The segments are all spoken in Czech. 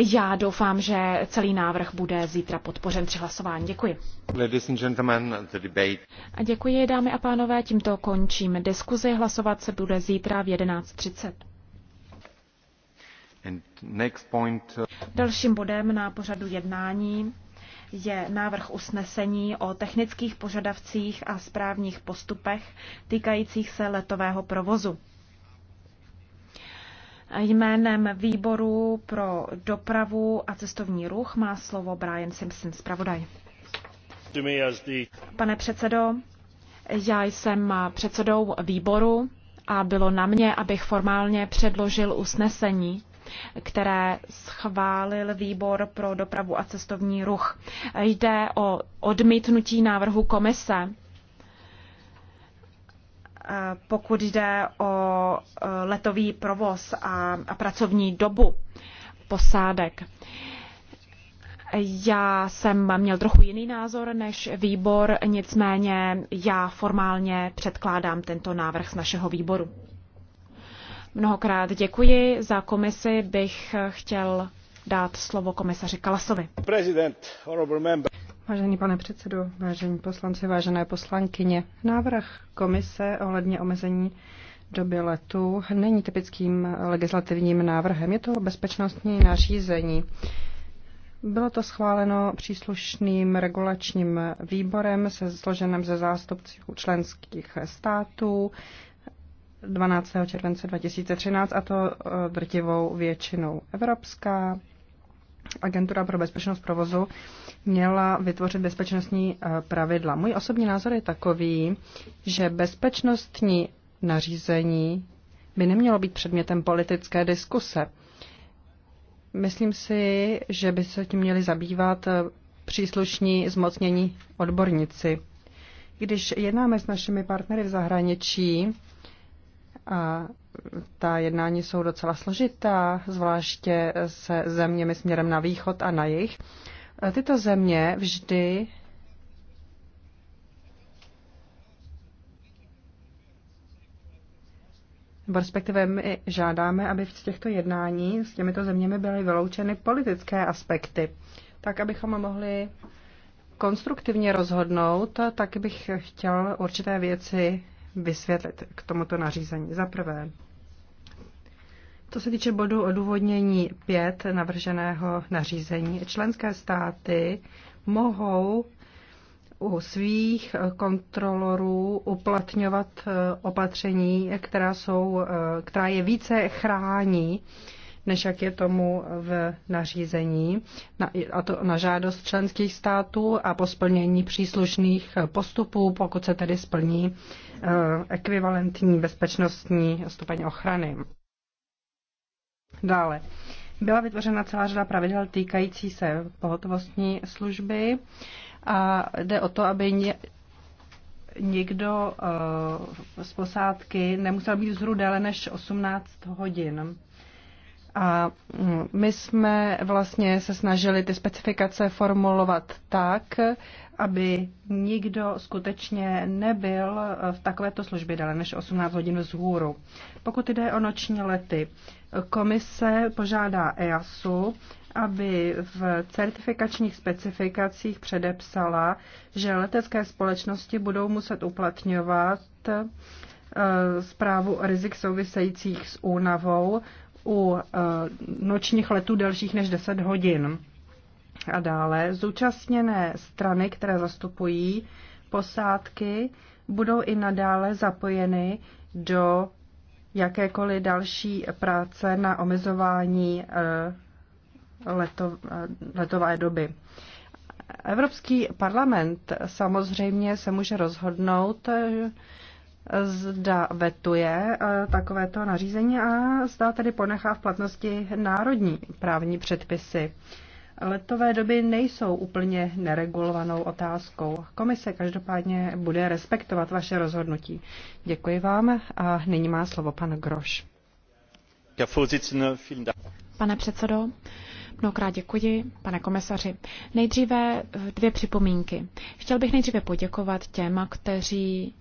Já doufám, že celý návrh bude zítra podpořen při hlasování. Děkuji. Ladies and gentlemen, the debate. A děkuji, dámy a pánové, tímto končím diskuzi. Hlasovat se bude zítra v 11.30. Point... Uh- Dalším bodem na pořadu jednání je návrh usnesení o technických požadavcích a správních postupech týkajících se letového provozu. Jménem výboru pro dopravu a cestovní ruch má slovo Brian Simpson, zpravodaj. Pane předsedo, já jsem předsedou výboru a bylo na mě, abych formálně předložil usnesení které schválil výbor pro dopravu a cestovní ruch. Jde o odmítnutí návrhu komise pokud jde o e, letový provoz a, a pracovní dobu posádek. Já jsem měl trochu jiný názor než výbor, nicméně já formálně předkládám tento návrh z našeho výboru. Mnohokrát děkuji. Za komisi bych chtěl dát slovo komisaři Kalasovi. Vážený pane předsedo, vážení poslanci, vážené poslankyně, návrh komise ohledně omezení doby letu není typickým legislativním návrhem. Je to bezpečnostní nařízení. Bylo to schváleno příslušným regulačním výborem se složeným ze zástupců členských států 12. července 2013 a to e, drtivou většinou. Evropská Agentura pro bezpečnost provozu měla vytvořit bezpečnostní eh, pravidla. Můj osobní názor je takový, že bezpečnostní nařízení by nemělo být předmětem politické diskuse. Myslím si, že by se tím měli zabývat eh, příslušní zmocnění odborníci. Když jednáme s našimi partnery v zahraničí a ta jednání jsou docela složitá, zvláště se zeměmi směrem na východ a na jih. Tyto země vždy nebo respektive my žádáme, aby v těchto jednání s těmito zeměmi byly vyloučeny politické aspekty, tak abychom mohli konstruktivně rozhodnout, tak bych chtěl určité věci vysvětlit k tomuto nařízení. Za prvé, co se týče bodu odůvodnění 5 navrženého nařízení, členské státy mohou u svých kontrolorů uplatňovat eh, opatření, která, jsou, eh, která je více chrání, než jak je tomu v nařízení, a to na žádost členských států a po splnění příslušných postupů, pokud se tedy splní eh, ekvivalentní bezpečnostní stupeň ochrany. Dále. Byla vytvořena celá řada pravidel týkající se pohotovostní služby a jde o to, aby ně, nikdo uh, eh, z posádky nemusel být vzhůru déle než 18 hodin. A mm, my jsme vlastně se snažili ty specifikace formulovat tak, aby nikdo skutečně nebyl v takovéto službě déle než 18 hodin z hůru. Pokud jde o noční lety, komise požádá EASu, aby v certifikačních specifikacích předepsala, že letecké společnosti budou muset uplatňovat eh, zprávu o rizik souvisejících s únavou u eh, nočních letů delších než 10 hodin. A dále zúčastněné strany, které zastupují posádky, budou i nadále zapojeny do jakékoliv další práce na omezování eh, leto, eh, letové doby. Evropský parlament samozřejmě se může rozhodnout, eh, zda vetuje takovéto nařízení a zda tedy ponechá v platnosti národní právní předpisy. Letové doby nejsou úplně neregulovanou otázkou. Komise každopádně bude respektovat vaše rozhodnutí. Děkuji vám a nyní má slovo pan Groš. Pane předsedo, Mnohokrát děkuji, pane komisaři. Nejdříve dvě připomínky. Chtěl bych nejdříve poděkovat těm, kteří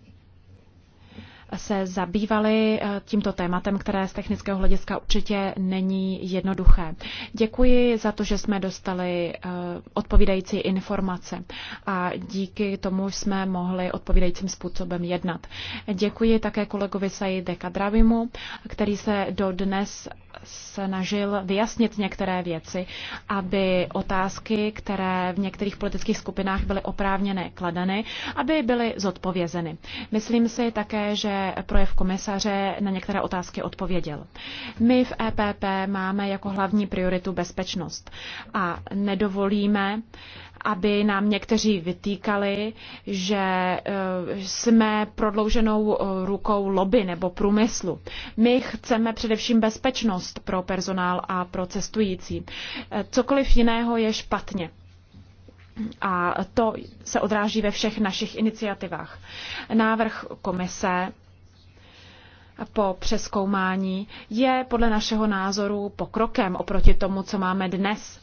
se zabývali eh, tímto tématem, které z technického hlediska určitě není jednoduché. Děkuji za to, že jsme dostali eh, odpovídající informace a díky tomu jsme mohli odpovídajícím způsobem jednat. Děkuji také kolegovi Saide Kadravimu, který se do dnes snažil vyjasnit některé věci, aby otázky, které v některých politických skupinách byly oprávněné kladeny, aby byly zodpovězeny. Myslím si také, že projev komisaře na některé otázky odpověděl. My v EPP máme jako hlavní prioritu bezpečnost a nedovolíme, aby nám někteří vytýkali, že eh, jsme prodlouženou eh, rukou lobby nebo průmyslu. My chceme především bezpečnost pro personál a pro cestující. Eh, cokoliv jiného je špatně. A to se odráží ve všech našich iniciativách. Návrh komise po přeskoumání je podle našeho názoru pokrokem oproti tomu, co máme dnes.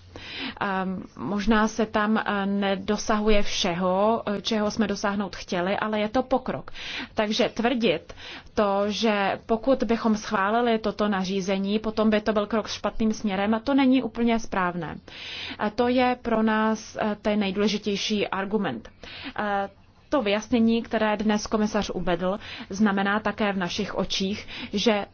Ehm, možná se tam eh, nedosahuje všeho, eh, čeho jsme dosáhnout chtěli, ale je to pokrok. Takže tvrdit to, že pokud bychom schválili toto nařízení, potom by to byl krok špatným směrem, to není úplně správné. To je pro nás eh, ten nejdůležitější argument. To vyjasnění, které dnes komisař uvedl, znamená také v našich očích, že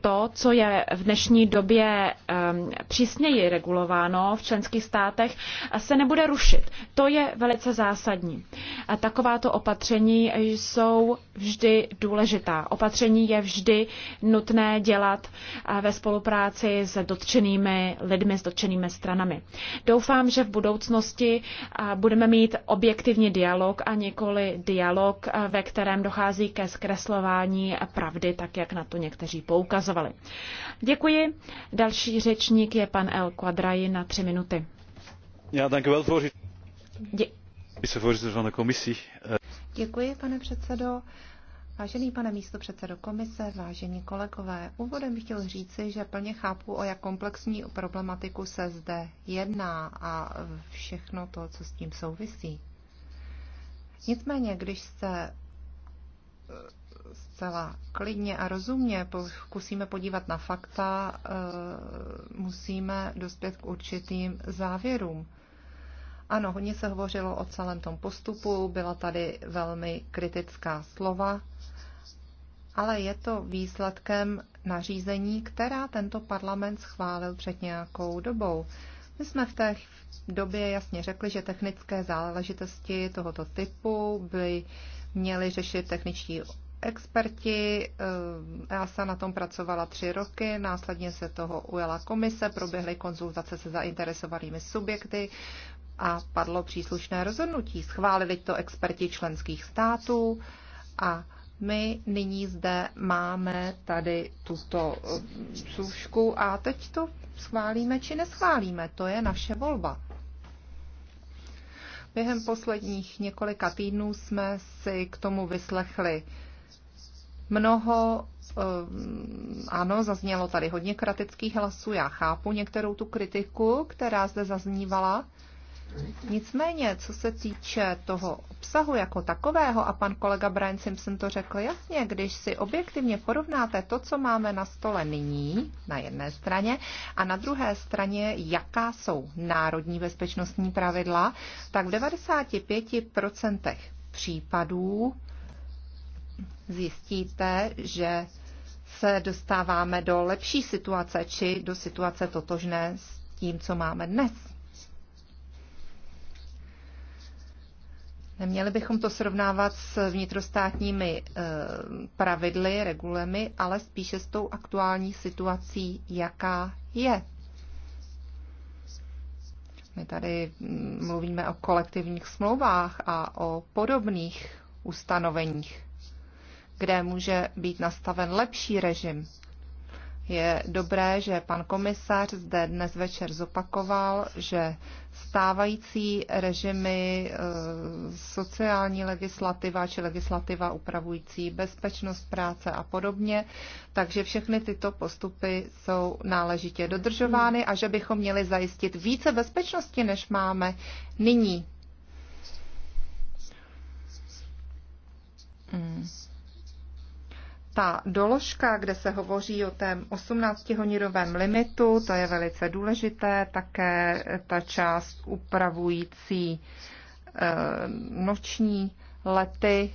to, co je v dnešní době ehm, přísněji regulováno v členských státech, se nebude rušit. To je velice zásadní. A takováto opatření jsou vždy důležitá. Opatření je vždy nutné dělat eh, ve spolupráci s dotčenými lidmi, s dotčenými stranami. Doufám, že v budoucnosti eh, budeme mít objektivní dialog a nikoli dialog, eh, ve kterém dochází ke zkreslování pravdy, tak jak na to někteří poukazují ukazovali. Děkuji. Další řečník je pan El Quadraji na tři minuty. Já děkuji, voorzitter. Dě- Děkuji, pane předsedo. Vážený pane místo předsedo komise, vážení kolegové, úvodem bych chtěl říci, že plně chápu, o jak komplexní problematiku se zde jedná a všechno to, co s tím souvisí. Nicméně, když se zcela klidně a rozumně pokusíme podívat na fakta, eh, musíme dospět k určitým závěrům. Ano, hodně se hovořilo o celém tom postupu, byla tady velmi kritická slova, ale je to výsledkem nařízení, která tento parlament schválil před nějakou dobou. My jsme v té době jasně řekli, že technické záležitosti tohoto typu by měli řešit techničtí experti, jsem eh, e na tom pracovala tři roky, následně se toho ujela komise, proběhly konzultace se zainteresovanými subjekty a padlo příslušné rozhodnutí. Schválili to experti členských států a my nyní zde máme tady tuto eh, služku a teď to schválíme či neschválíme. To je naše volba. Během posledních několika týdnů jsme si k tomu vyslechli mnoho eh, ano, zaznělo tady hodně kritických hlasů, já chápu některou tu kritiku, která zde zaznívala. Nicméně, co se týče toho obsahu jako takového, a pan kolega Brian Simpson to řekl jasně, když si objektivně porovnáte to, co máme na stole nyní, na jedné straně, a na druhé straně, jaká jsou národní bezpečnostní pravidla, tak v 95% případů zjistíte, že se dostáváme do lepší situace či do situace totožné s tím, co máme dnes. Neměli bychom to srovnávat s vnitrostátními eh, pravidly, regulemi, ale spíše s tou aktuální situací, jaká je. My tady mm, mluvíme o kolektivních smlouvách a o podobných ustanoveních kde může být nastaven lepší režim. Je dobré, že pan komisař zde dnes večer zopakoval, že stávající režimy eh, sociální legislativa či legislativa upravující bezpečnost práce a podobně, takže všechny tyto postupy jsou náležitě dodržovány a že bychom měli zajistit více bezpečnosti, než máme nyní. Hmm ta doložka, kde se hovoří o tém 18-hodinovém limitu, to je velice důležité, také ta část upravující eh, noční lety.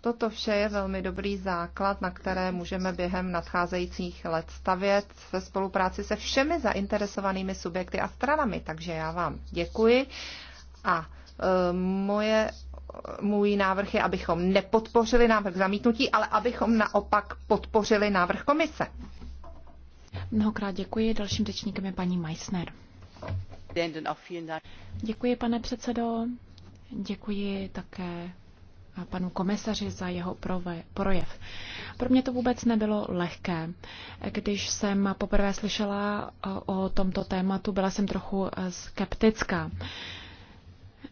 Toto vše je velmi dobrý základ, na které můžeme během nadcházejících let stavět ve spolupráci se všemi zainteresovanými subjekty a stranami. Takže já vám děkuji a eh, moje můj návrh je, abychom nepodpořili návrh zamítnutí, ale abychom naopak podpořili návrh komise. Mnohokrát děkuji. Dalším řečníkem je paní Meissner. Děkuji, pane předsedo. Děkuji také panu komisaři za jeho projev. Pro mě to vůbec nebylo lehké. Když jsem poprvé slyšela o tomto tématu, byla jsem trochu skeptická.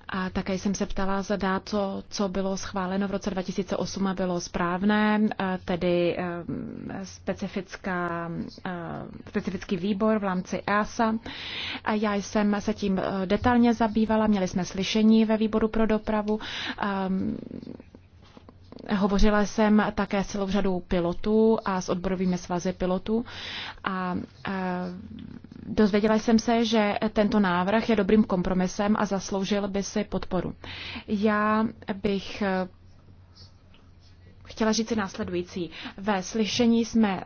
A také jsem se ptala, za to, co bylo schváleno v roce 2008, a bylo správné, tedy specifická, specifický výbor v rámci EASA. A já jsem se tím eh, detailně zabývala, měli jsme slyšení ve výboru pro dopravu. Hovořila jsem také s celou řadou pilotů a s odborovými svazy pilotů a dozvěděla jsem se, že tento návrh je dobrým kompromisem a zasloužil by si podporu. Já bych eh, chtěla říct si následující. Ve slyšení jsme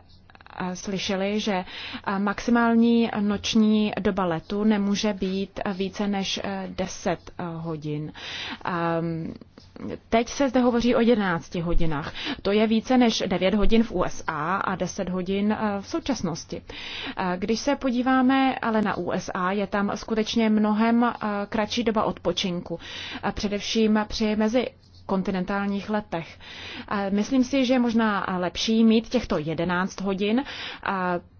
slyšeli, že maximální noční doba letu nemůže být více než 10 eh, eh, hodin. Ehm, teď se zde hovoří o 11 hodinách. To je více než 9 hodin v USA a 10 hodin eh, v současnosti. Když se podíváme ale na USA, je tam skutečně mnohem kratší doba odpočinku. Především při mezi kontinentálních letech. Myslím si, že je možná lepší mít těchto 11 hodin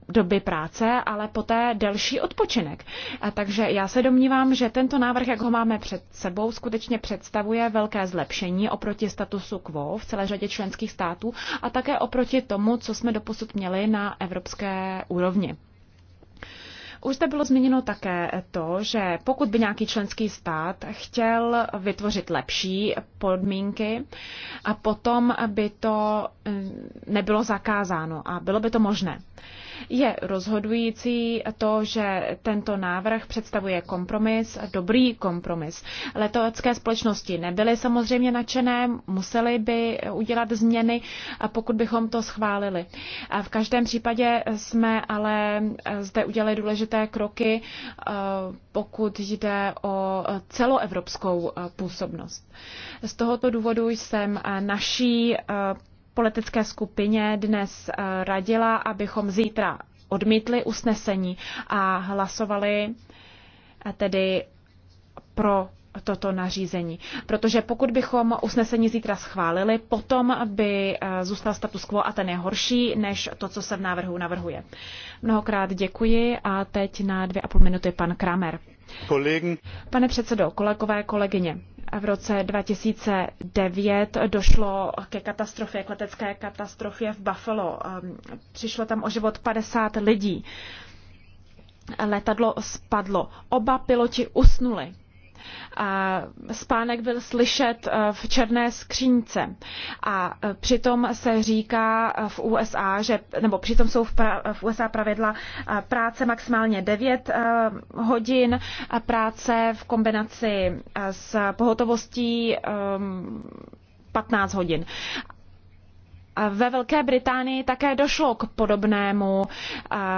doby práce, ale poté delší odpočinek. A takže já se domnívám, že tento návrh, jak ho máme před sebou, skutečně představuje velké zlepšení oproti statusu quo v celé řadě členských států a také oproti tomu, co jsme doposud měli na evropské úrovni. Už zde bylo zmíněno také to, že pokud by nějaký členský stát chtěl vytvořit lepší podmínky, a potom by to eh, nebylo zakázáno a bylo by to možné. Je rozhodující to, že tento návrh představuje kompromis, dobrý kompromis. Letecké společnosti nebyly samozřejmě nadšené, museli by udělat změny, pokud bychom to schválili. V každém případě jsme ale zde udělali důležité kroky, pokud jde o celoevropskou působnost. Z tohoto důvodu jsem naší politické skupině dnes eh, radila, abychom zítra odmítli usnesení a hlasovali eh, tedy pro toto nařízení. Protože pokud bychom usnesení zítra schválili, potom by eh, zůstal status quo a ten je horší než to, co se v návrhu navrhuje. Mnohokrát děkuji a teď na dvě a půl minuty pan Kramer. Kolegen. Pane předsedo, kolegové, kolegyně v roce 2009 došlo ke katastrofě, k letecké katastrofě v Buffalo. Ehm, přišlo tam o život 50 lidí. Letadlo spadlo. Oba piloti usnuli spánek byl slyšet eh, v černé skřínce. A eh, přitom se říká eh, v USA, že, nebo přitom jsou v, pra, v USA pravidla práce maximálně 9 hodin, a práce v kombinaci s pohotovostí 15 ehm, hodin. Ve Velké Británii také došlo k, podobnému,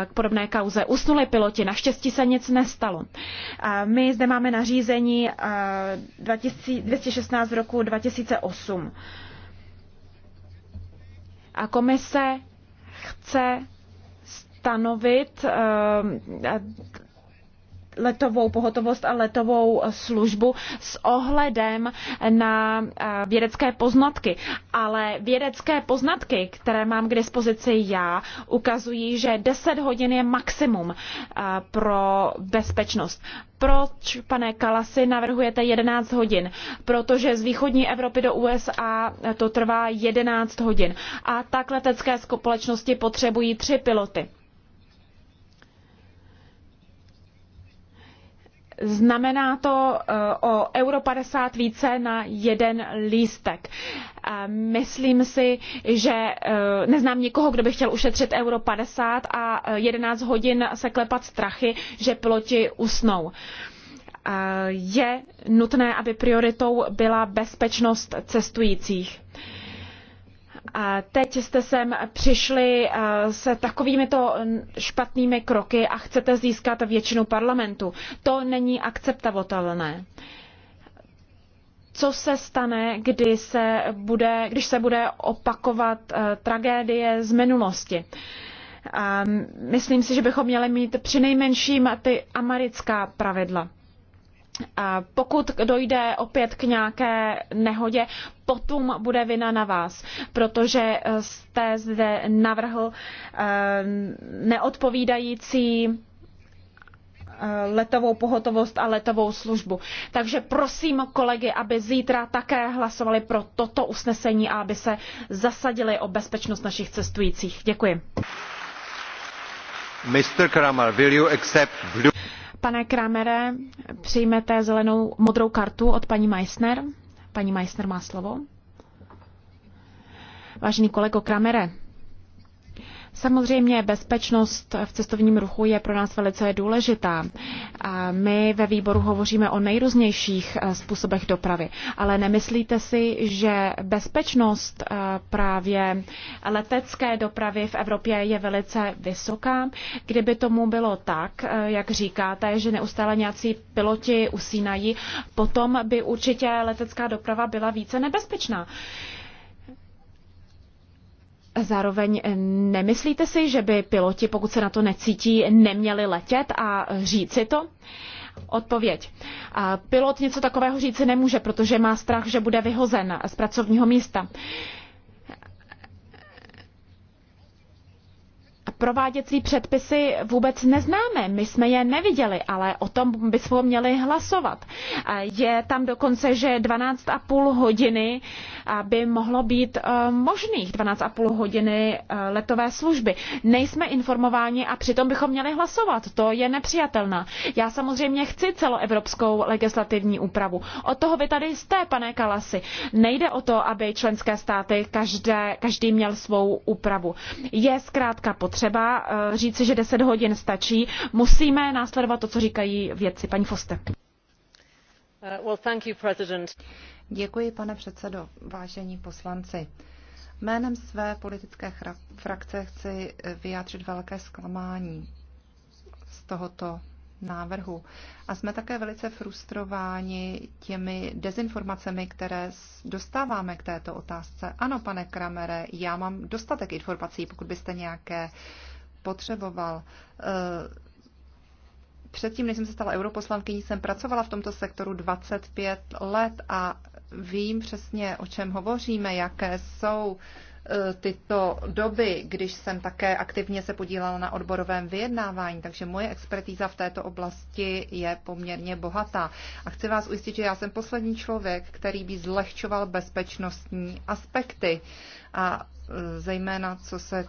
k podobné kauze. Usnuli piloti, naštěstí se nic nestalo. My zde máme nařízení 216 roku 2008. A komise chce stanovit letovou pohotovost a letovou službu s ohledem na eh, vědecké poznatky. Ale vědecké poznatky, které mám k dispozici já, ukazují, že 10 hodin je maximum eh, pro bezpečnost. Proč, pane Kalasi, navrhujete 11 hodin? Protože z východní Evropy do USA to trvá 11 hodin. A tak letecké společnosti potřebují tři piloty znamená to eh, o euro 50 více na jeden lístek. Myslím si, že eh, neznám nikoho, kdo by chtěl ušetřit euro 50 a 11 eh, hodin se klepat strachy, že piloti usnou je nutné, aby prioritou byla bezpečnost cestujících teď jste sem přišli eh, s takovýmito špatnými kroky a chcete získat většinu parlamentu. To není akceptovatelné. Co se stane, kdy se bude, když se bude opakovat eh, tragédie z minulosti? Ehm, myslím si, že bychom měli mít přinejmenším ty americká pravidla pokud dojde opět k nějaké nehodě, potom bude vina na vás, protože jste zde navrhl eh, neodpovídající eh, letovou pohotovost a letovou službu. Takže prosím kolegy, aby zítra také hlasovali pro toto usnesení a aby se zasadili o bezpečnost našich cestujících. Děkuji. Mr. Kramer, will you accept blue... Pane Kramere, přijmete zelenou modrou kartu od paní Meissner. Paní Meissner má slovo. Vážený kolego Kramere, Samozřejmě bezpečnost v cestovním ruchu je pro nás velice důležitá. My ve výboru hovoříme o nejrůznějších eh, způsobech dopravy, ale nemyslíte si, že bezpečnost eh, právě letecké dopravy v Evropě je velice vysoká? Kdyby tomu bylo tak, eh, jak říkáte, že neustále nějací piloti usínají, potom by určitě letecká doprava byla více nebezpečná. Zároveň nemyslíte si, že by piloti, pokud se na to necítí, neměli letět a říci to? Odpověď. Pilot něco takového říci nemůže, protože má strach, že bude vyhozen z pracovního místa. prováděcí předpisy vůbec neznáme. My jsme je neviděli, ale o tom bychom měli hlasovat. Je tam dokonce, že 12,5 hodiny by mohlo být e, možných 12,5 hodiny e, letové služby. Nejsme informováni a přitom bychom měli hlasovat. To je nepřijatelné. Já samozřejmě chci celoevropskou legislativní úpravu. Od toho vy tady jste, pane Kalasi. Nejde o to, aby členské státy každé, každý měl svou úpravu. Je zkrátka potřeba třeba eh, říci, že 10 hodin stačí. Musíme následovat to, co říkají vědci. Paní Foste. Uh, well, you, Děkuji, pane předsedo, vážení poslanci. Jménem své politické frakce chci eh, vyjádřit velké zklamání z tohoto návrhu. A jsme také velice frustrováni těmi dezinformacemi, které dostáváme k této otázce. Ano, pane Kramere, já mám dostatek informací, pokud byste nějaké potřeboval. Eh, předtím, než jsem se stala europoslankyní, jsem pracovala v tomto sektoru 25 let a vím přesně, o čem hovoříme, jaké jsou uh, Eh, tyto doby, když jsem také aktivně se podílela na odborovém vyjednávání, takže moje expertíza v této oblasti je poměrně bohatá. A chci vás ujistit, že já jsem poslední člověk, který by zlehčoval bezpečnostní aspekty a eh, zejména co se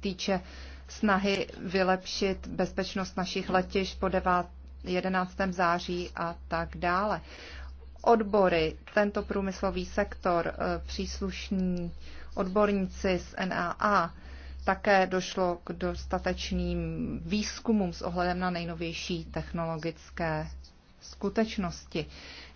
týče snahy vylepšit bezpečnost našich letišť po 9, 11. září a tak dále. Odbory, tento průmyslový sektor, eh, příslušní odborníci z NAA. Také došlo k dostatečným výzkumům s ohledem na nejnovější technologické skutečnosti.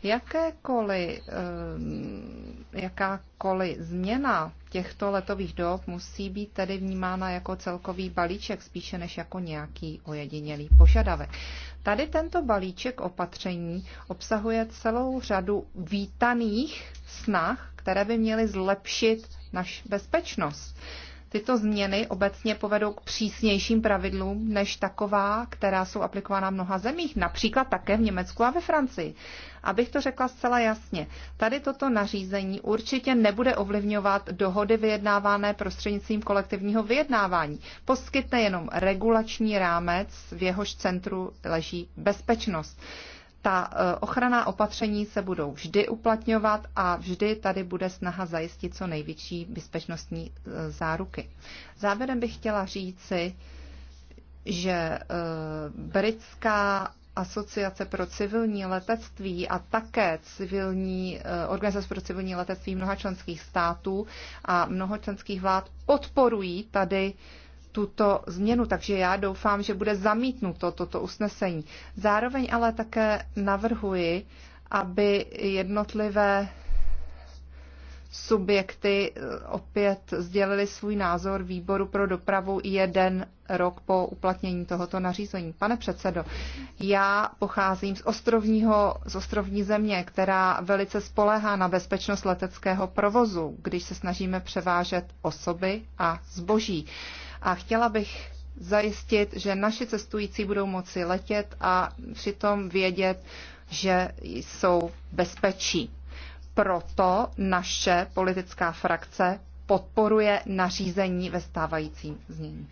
Jakékoliv, eh, jakákoliv změna těchto letových dob musí být tedy vnímána jako celkový balíček, spíše než jako nějaký ojedinělý požadavek. Tady tento balíček opatření obsahuje celou řadu vítaných snah, které by měly zlepšit naši bezpečnost. Tyto změny obecně povedou k přísnějším pravidlům než taková, která jsou aplikována v mnoha zemích, například také v Německu a ve Francii. Abych to řekla zcela jasně, tady toto nařízení určitě nebude ovlivňovat dohody vyjednávané prostřednictvím kolektivního vyjednávání. Poskytne jenom regulační rámec, v jehož centru leží bezpečnost ta e, ochranná opatření se budou vždy uplatňovat a vždy tady bude snaha zajistit co největší bezpečnostní e, záruky. Závěrem bych chtěla říci, že e, britská asociace pro civilní letectví a také civilní organizace pro civilní letectví mnoha členských států a mnoho členských vlád podporují tady tuto změnu, takže já doufám, že bude zamítnuto toto usnesení. Zároveň ale také navrhuji, aby jednotlivé subjekty eh, opět sdělili svůj názor výboru pro dopravu jeden rok po uplatnění tohoto nařízení. Pane předsedo, já pocházím z, ostrovního, z ostrovní země, která velice spolehá na bezpečnost leteckého provozu, když se snažíme převážet osoby a zboží a chtěla bych zajistit, že naši cestující budou moci letět a přitom vědět, že jsou bezpečí. Proto naše politická frakce podporuje nařízení ve stávajícím znění.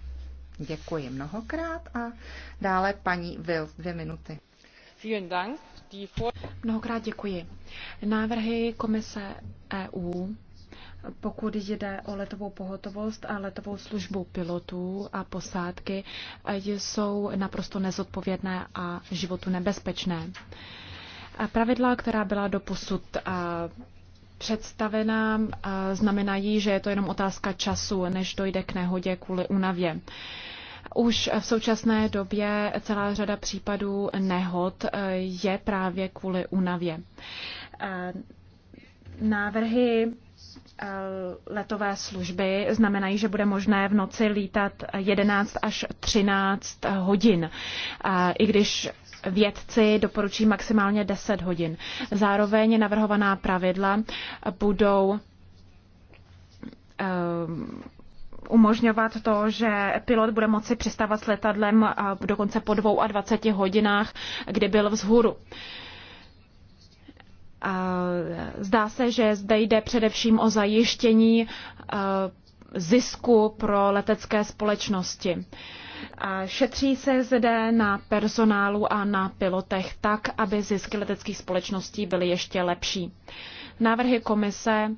Děkuji mnohokrát a dále paní Vil, dvě minuty. Mnohokrát děkuji. Návrhy komise EU pokud jde o letovou pohotovost a letovou službu pilotů a posádky, jsou naprosto nezodpovědné a životu nebezpečné. Pravidla, která byla doposud představená, znamenají, že je to jenom otázka času, než dojde k nehodě kvůli unavě. Už v současné době celá řada případů nehod je právě kvůli unavě. Návrhy Eh, letové služby znamenají, že bude možné v noci lítat 11 až 13 hodin, eh, i když vědci doporučí maximálně 10 hodin. Zároveň navrhovaná pravidla budou eh, umožňovat to, že pilot bude moci přistávat s letadlem dokonce po 22 hodinách, kdy byl vzhůru. Zdá se, že zde jde především o zajištění e, zisku pro letecké společnosti. Šetří se zde na personálu a na pilotech tak, aby zisky leteckých společností byly ještě lepší. Návrhy komise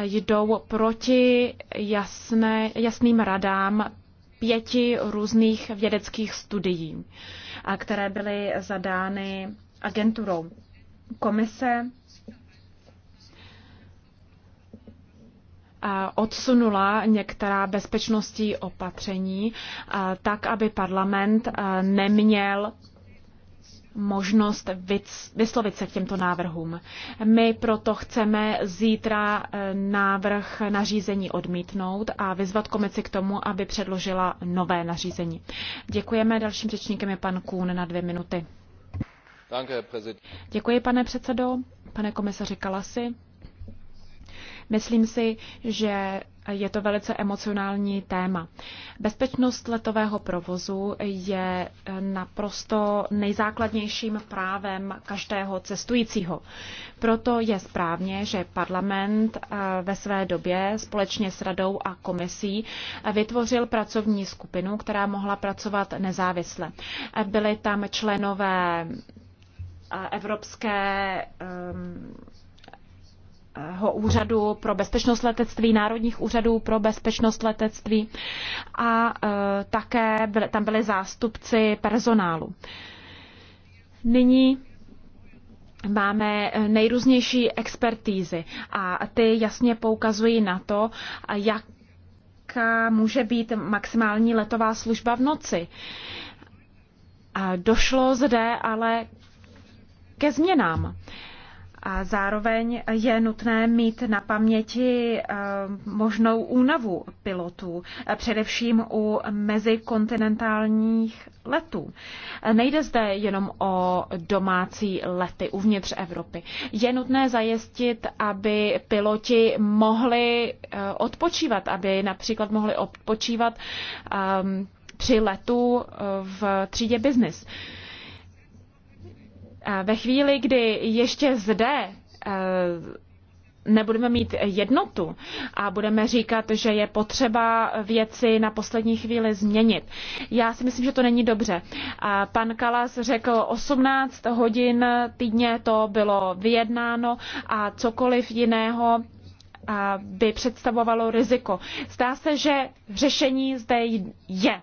jdou proti jasné, jasným radám pěti různých vědeckých studií, které byly zadány agenturou komise odsunula některá bezpečnostní opatření tak, aby parlament neměl možnost vyslovit se k těmto návrhům. My proto chceme zítra e, návrh nařízení odmítnout a vyzvat komisi k tomu, aby předložila nové nařízení. Děkujeme. Dalším řečníkem je pan Kůn na dvě minuty. Děkuji, pane předsedo, pane komisaři Kalasi. Myslím si, že je to velice emocionální téma. Bezpečnost letového provozu je naprosto nejzákladnějším právem každého cestujícího. Proto je správně, že parlament eh, ve své době společně s radou a komisí eh, vytvořil pracovní skupinu, která mohla pracovat nezávisle. Eh, Byly tam členové Evropské ehm, úřadu pro bezpečnost letectví, národních úřadů pro bezpečnost letectví a e, také byly, tam byli zástupci personálu. Nyní máme nejrůznější expertízy a ty jasně poukazují na to, jak může být maximální letová služba v noci. Došlo zde ale ke změnám. A zároveň je nutné mít na paměti eh, možnou únavu pilotů, eh, především u mezikontinentálních letů. Eh, nejde zde jenom o domácí lety uvnitř Evropy. Je nutné zajistit, aby piloti mohli odpočívat, aby například mohli odpočívat ehm, při letu v třídě business. Ve chvíli, kdy ještě zde eh, nebudeme mít jednotu a budeme říkat, že je potřeba věci na poslední chvíli změnit. Já si myslím, že to není dobře. A pan Kalas řekl 18 hodin týdně to bylo vyjednáno a cokoliv jiného eh, by představovalo riziko. Zdá se, že řešení zde je.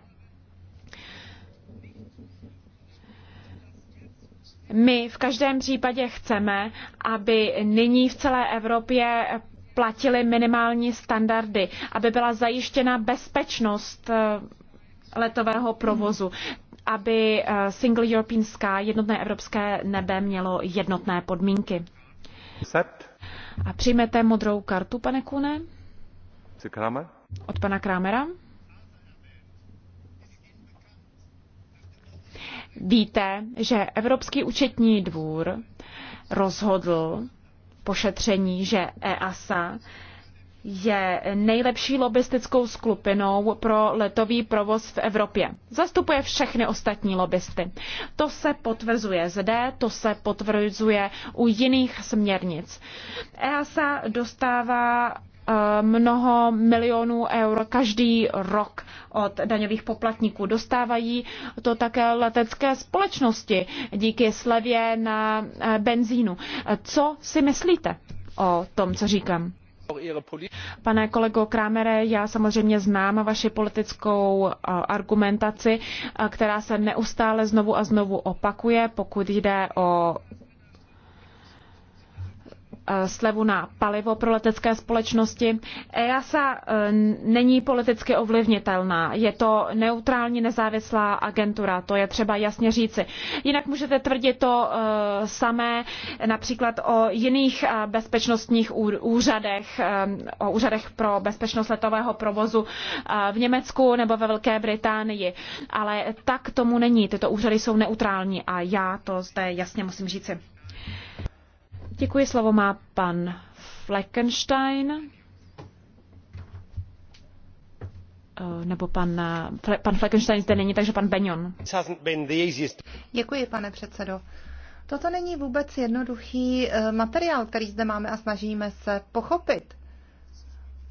My v každém případě chceme, aby nyní v celé Evropě platily minimální standardy, aby byla zajištěna bezpečnost eh, letového provozu, aby eh, Single European Sky, jednotné evropské nebe, mělo jednotné podmínky. A přijmete modrou kartu, pane Kune? Od pana Krámera? Víte, že Evropský účetní dvůr rozhodl pošetření, že EASA je nejlepší lobistickou skupinou pro letový provoz v Evropě. Zastupuje všechny ostatní lobbysty. To se potvrzuje zde, to se potvrzuje u jiných směrnic. EASA dostává Eh, mnoho milionů eur každý rok od daňových poplatníků. Dostávají to také letecké společnosti díky slevě na eh, benzínu. Co si myslíte o tom, co říkám? Pane kolego Krámere, já samozřejmě znám vaši politickou eh, argumentaci, která se neustále znovu a znovu opakuje, pokud jde o Eh, slevu na palivo pro letecké společnosti. EASA eh, není politicky ovlivnitelná, je to neutrální nezávislá agentura, to je třeba jasně říci. Jinak můžete tvrdit to eh, samé například o jiných bezpečnostních úřadech, o úřadech pro bezpečnost letového provozu v Německu nebo ve Velké Británii, ale tak tomu není. Tyto úřady jsou neutrální a já to zde jasně musím říci. Děkuji, slovo má pan Fleckenstein. Eh, nebo pan, eh, pan Fleckenstein zde není, takže pan Benjon. Děkuji, pane předsedo. Toto není vůbec jednoduchý eh, materiál, který zde máme a snažíme se pochopit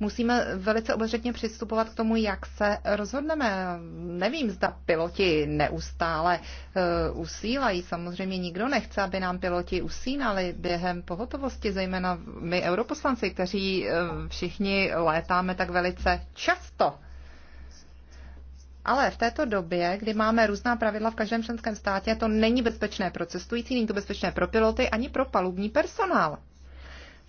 musíme velice obezřetně přistupovat k tomu, jak se rozhodneme. Nevím, zda piloti neustále uh, usílají. Samozřejmě nikdo nechce, aby nám piloti usínali během pohotovosti, zejména my europoslanci, kteří uh, všichni létáme tak velice často. Ale v této době, kdy máme různá pravidla v každém členském státě, to není bezpečné pro cestující, není to bezpečné pro piloty ani pro palubní personál.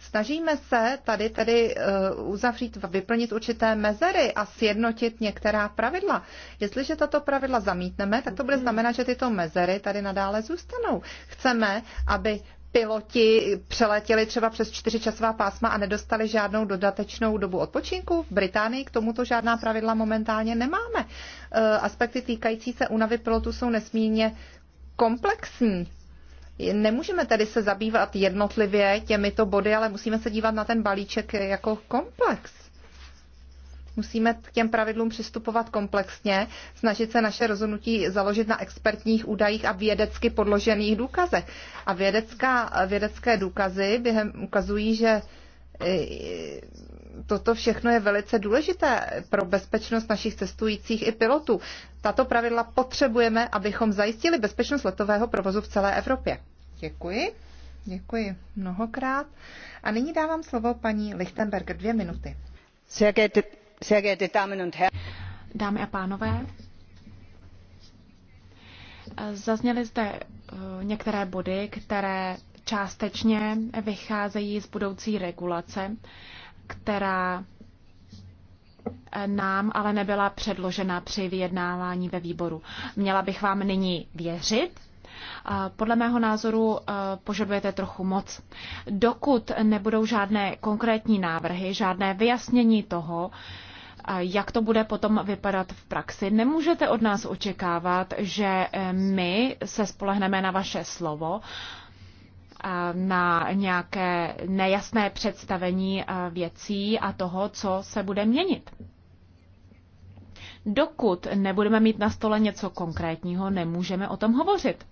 Snažíme se tady tedy eh, uzavřít, vyplnit určité mezery a sjednotit některá pravidla. Jestliže tato pravidla zamítneme, tak to bude mhm. znamenat, že tyto mezery tady nadále zůstanou. Chceme, aby piloti přeletěli třeba přes čtyři časová pásma a nedostali žádnou dodatečnou dobu odpočinku. V Británii k tomuto žádná pravidla momentálně nemáme. Eh, aspekty týkající se únavy pilotů jsou nesmírně komplexní Nemůžeme tedy se zabývat jednotlivě těmito body, ale musíme se dívat na ten balíček jako komplex. Musíme k těm pravidlům přistupovat komplexně, snažit se naše rozhodnutí založit na expertních údajích a vědecky podložených důkazech. A vědecká, vědecké důkazy během ukazují, že eh, toto všechno je velice důležité pro bezpečnost našich cestujících i pilotů. Tato pravidla potřebujeme, abychom zajistili bezpečnost letového provozu v celé Evropě. Děkuji. Děkuji mnohokrát. A nyní dávám slovo paní Lichtenberger. Dvě minuty. Dámy a pánové, zazněly zde eh, některé body, které částečně vycházejí z budoucí regulace která eh, nám ale nebyla předložena při vyjednávání ve výboru. Měla bych vám nyní věřit? Eh, podle mého názoru eh, požadujete trochu moc. Dokud nebudou žádné konkrétní návrhy, žádné vyjasnění toho, jak to bude potom vypadat v praxi. Nemůžete od nás očekávat, že my se spolehneme na vaše slovo na nějaké nejasné představení eh, věcí a toho, co se bude měnit. Dokud nebudeme mít na stole něco konkrétního, nemůžeme o tom hovořit.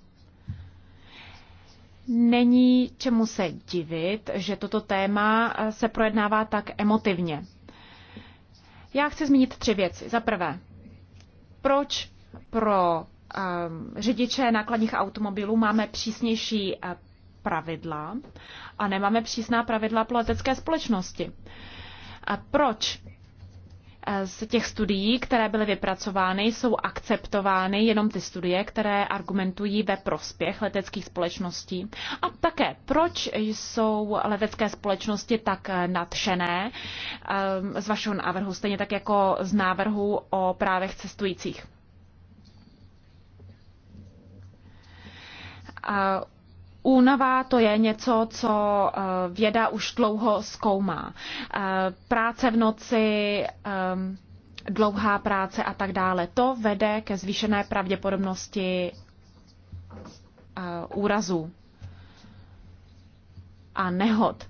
Není čemu se divit, že toto téma eh, se projednává tak emotivně. Já chci zmínit tři věci. Za prvé, proč pro um, řidiče nákladních automobilů máme přísnější eh, pravidla a nemáme přísná pravidla pro letecké společnosti. A proč eh, z těch studií, které byly vypracovány, jsou akceptovány jenom ty studie, které argumentují ve prospěch leteckých společností. A také, proč jsou letecké společnosti tak eh, nadšené eh, z vašeho návrhu, stejně tak jako z návrhu o právech cestujících? A Únava to je něco, co eh, věda už dlouho zkoumá. Eh, práce v noci, eh, dlouhá práce a tak dále. To vede ke zvýšené pravděpodobnosti úrazů a nehod.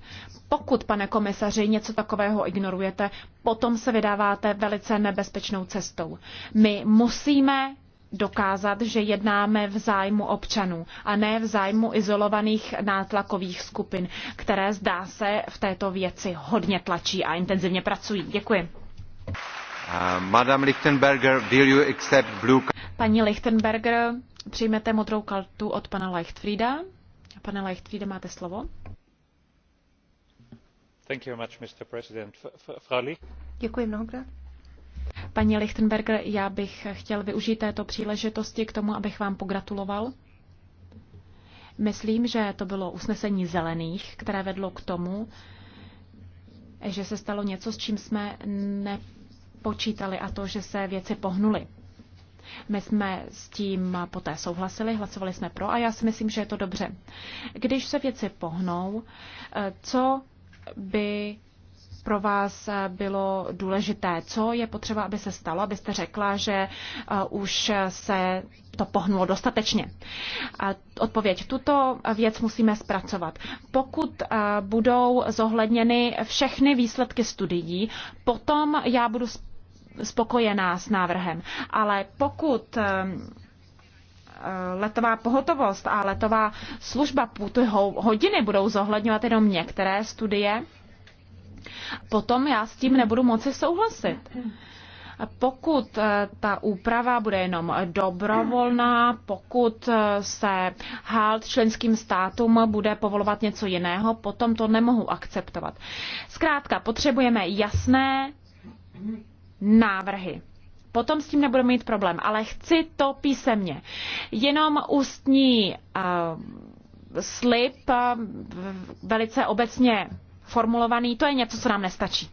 Pokud, pane komisaři, něco takového ignorujete, potom se vydáváte velice nebezpečnou cestou. My musíme dokázat, že jednáme v zájmu občanů a ne v zájmu izolovaných nátlakových skupin, které zdá se v této věci hodně tlačí a intenzivně pracují. Děkuji. Uh, Madame Lichtenberger, will you accept blue... Paní Lichtenberger, přijmete modrou kartu od pana Leichtfrieda. Pane Leichtfriede, máte slovo. Thank you much, Mr. President. F- Děkuji mnohokrát. Paní Lichtenberger, já bych chtěl využít této příležitosti k tomu, abych vám pogratuloval. Myslím, že to bylo usnesení zelených, které vedlo k tomu, že se stalo něco, s čím jsme nepočítali, a to, že se věci pohnuly. My jsme s tím poté souhlasili, hlasovali jsme pro a já si myslím, že je to dobře. Když se věci pohnou, co by pro vás bylo důležité? Co je potřeba, aby se stalo, abyste řekla, že uh, už se to pohnulo dostatečně? Odpověď. Tuto věc musíme zpracovat. Pokud uh, budou zohledněny všechny výsledky studií, potom já budu spokojená s návrhem. Ale pokud um, letová pohotovost a letová služba půtu hodiny budou zohledňovat jenom některé studie, potom já s tím nebudu moci souhlasit. Pokud eh, ta úprava bude jenom dobrovolná, pokud eh, se hált členským státům bude povolovat něco jiného, potom to nemohu akceptovat. Zkrátka, potřebujeme jasné návrhy. Potom s tím nebudu mít problém, ale chci to písemně. Jenom ústní uh, slib uh, velice obecně formulovaný, to je něco, co nám nestačí.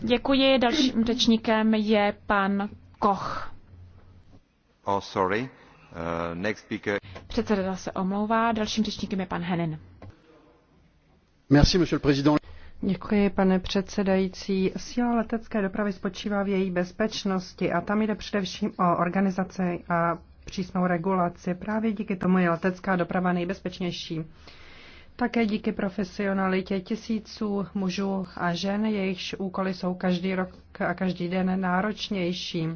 Děkuji. Dalším řečníkem je pan Koch. Oh, sorry. Uh, next speaker. Předseda se omlouvá. Dalším řečníkem je pan Henin. Merci, monsieur le président. Děkuji, pane předsedající. Síla letecké dopravy spočívá v její bezpečnosti a tam jde především o organizaci a přísnou regulaci. Právě díky tomu je letecká doprava nejbezpečnější. Také díky profesionalitě tisíců mužů a žen, jejichž úkoly jsou každý rok a každý den náročnější.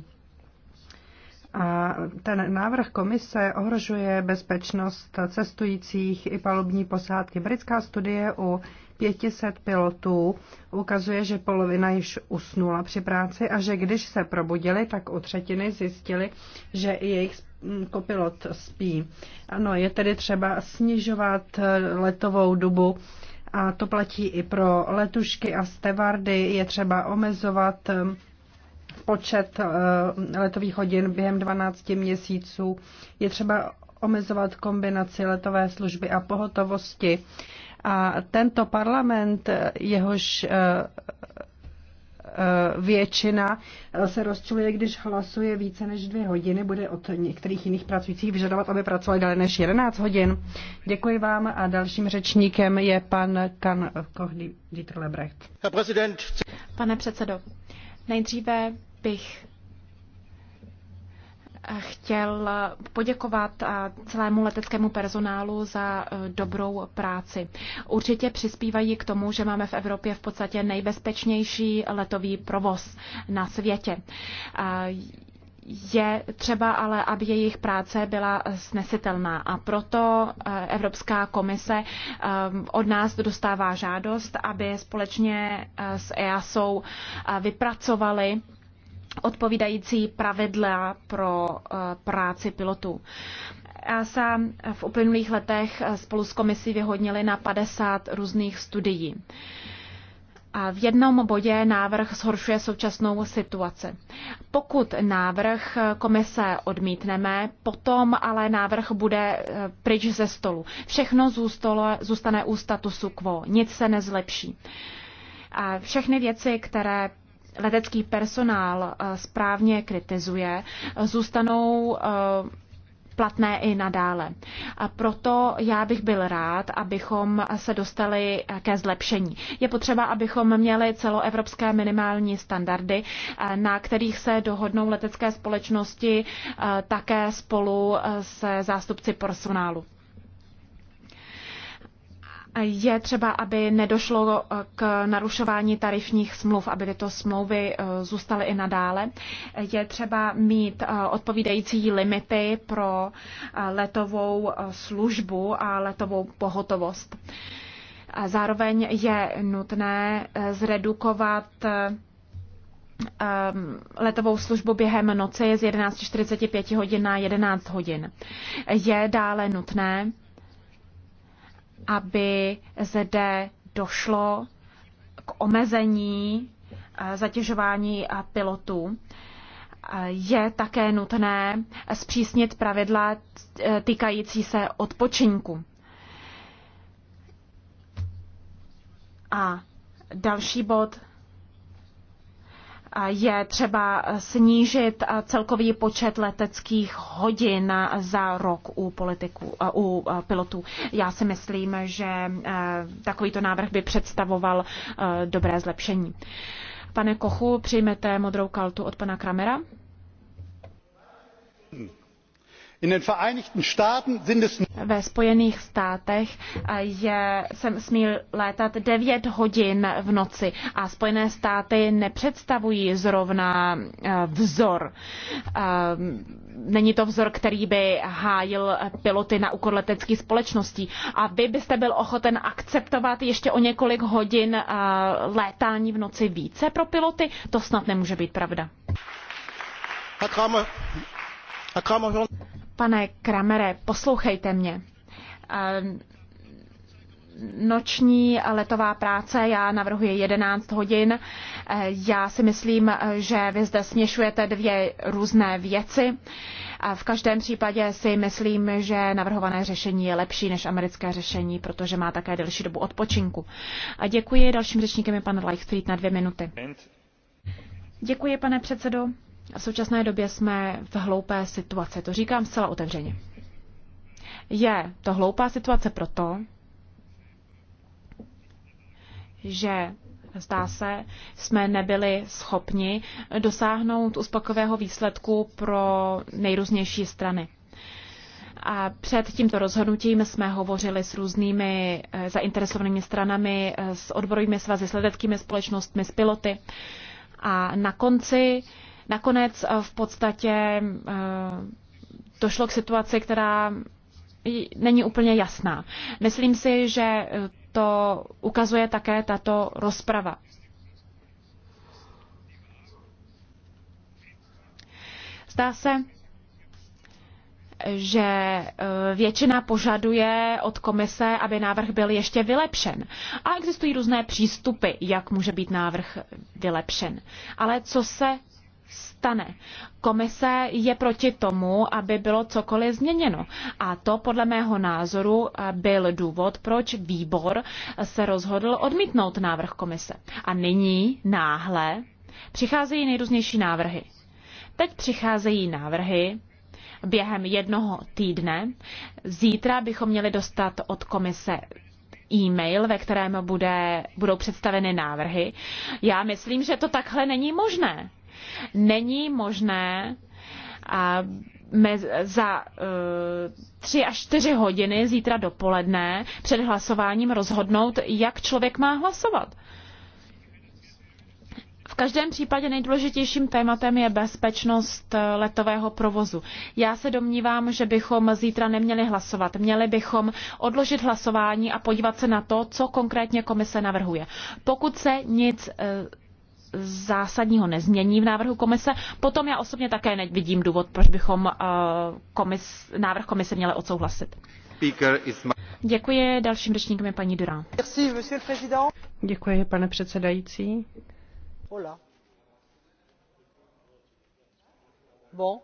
A ten návrh komise ohrožuje bezpečnost cestujících i palubní posádky. Britská studie u 500 pilotů ukazuje, že polovina již usnula při práci a že když se probudili, tak u třetiny zjistili, že i jejich kopilot spí. Ano, je tedy třeba snižovat eh, letovou dobu a to platí i pro letušky a stevardy. Je třeba omezovat eh, počet eh, letových hodin během 12 měsíců. Je třeba omezovat kombinaci letové služby a pohotovosti. A tento parlament, jehož Eh, většina eh, se rozčiluje, když hlasuje více než dvě hodiny, bude od některých jiných pracujících vyžadovat, aby pracovali déle než 11 hodin. Děkuji vám a dalším řečníkem je pan Kan Kohdy Dieter Lebrecht. Pane předsedo, nejdříve bych chtěl eh, poděkovat eh, celému leteckému personálu za eh, dobrou práci. Určitě přispívají k tomu, že máme v Evropě v podstatě nejbezpečnější letový provoz na světě. Je třeba ale, aby jejich práce byla snesitelná a proto Evropská komise od nás dostává žádost, aby společně s EASou vypracovali odpovídající pravidla pro eh, práci pilotů. EASA v uplynulých letech eh, spolu s komisí vyhodnili na 50 různých studií. A v jednom bodě návrh zhoršuje současnou situaci. Pokud návrh eh, komise odmítneme, potom ale návrh bude pryč ze stolu. Všechno zůstalo, zůstane u statusu quo, nic se nezlepší. A všechny věci, které letecký personál eh, správně kritizuje, eh, zůstanou eh, platné i nadále. A proto já bych byl rád, abychom se dostali ke zlepšení. Je potřeba, abychom měli celoevropské minimální standardy, na kterých se dohodnou letecké společnosti také spolu se zástupci personálu. Je třeba, aby nedošlo eh, k narušování tarifních smluv, aby tyto smlouvy eh, zůstaly i nadále. Je třeba mít eh, odpovídající limity pro letovou službu a letovou pohotovost. Zároveň je nutné zredukovat ehm, letovou službu během noci z 11.45 hodin na 11 hodin. Je dále nutné aby zde došlo k omezení eh, zatěžování eh, pilotů. Eh, je také nutné zpřísnit pravidla týkající se odpočinku. A další bod je třeba snížit celkový počet leteckých hodin za rok u, politiku, u pilotů. Já si myslím, že e, takovýto návrh by představoval e, dobré zlepšení. Pane Kochu, přijmete modrou kaltu od pana Kramera? Ve Spojených státech je, jsem smí létat 9 hodin v noci a Spojené státy nepředstavují zrovna eh, vzor. Eh, není to vzor, který by hájil piloty na úkor leteckých společností. A vy byste byl ochoten akceptovat ještě o několik hodin eh, létání v noci více pro piloty? To snad nemůže být pravda. Herr Kramer, Herr Kramer, Pane Kramere, poslouchejte mě. Eh, noční letová práce, já navrhuji 11 hodin. Eh, já si myslím, že vy zde směšujete dvě různé věci. V každém případě si myslím, že navrhované řešení je lepší než americké řešení, protože má také delší dobu odpočinku. A děkuji. Dalším řečníkem je pan Leichfried na dvě minuty. Děkuji, pane předsedo. V současné době jsme v hloupé situaci, to říkám zcela otevřeně. Je to hloupá situace proto, že zdá se, jsme nebyli schopni dosáhnout uspokojivého výsledku pro nejrůznější strany. A před tímto rozhodnutím jsme hovořili s různými eh, zainteresovanými stranami, eh, s odborovými svazy, s leteckými společnostmi, s piloty. A na konci Nakonec eh, v podstatě eh, došlo k situaci, která není úplně jasná. Myslím si, že eh, to ukazuje také tato rozprava. Zdá se, že většina požaduje od komise, aby návrh byl ještě vylepšen. A existují různé přístupy, jak může být návrh vylepšen. Ale co se stane. Komise je proti tomu, aby bylo cokoliv změněno. A to podle mého názoru eh, byl důvod, proč výbor se rozhodl odmítnout návrh komise. A nyní náhle přicházejí nejrůznější návrhy. Teď přicházejí návrhy během jednoho týdne. Zítra bychom měli dostat od komise e-mail, ve kterém bude, budou představeny návrhy. Já myslím, že to takhle není možné. Není možné a me, za eh, tři až čtyři hodiny zítra dopoledne před hlasováním rozhodnout, jak člověk má hlasovat. V každém případě nejdůležitějším tématem je bezpečnost eh, letového provozu. Já se domnívám, že bychom zítra neměli hlasovat. Měli bychom odložit hlasování a podívat se na to, co konkrétně komise navrhuje. Pokud se nic eh, zásadního nezmění v návrhu komise. Potom já osobně také nevidím důvod, proč bychom eh, komis, návrh komise měli odsouhlasit. Děkuji. Dalším řečníkem je paní Durán. Děkuji, pane předsedající. Hola. Bon.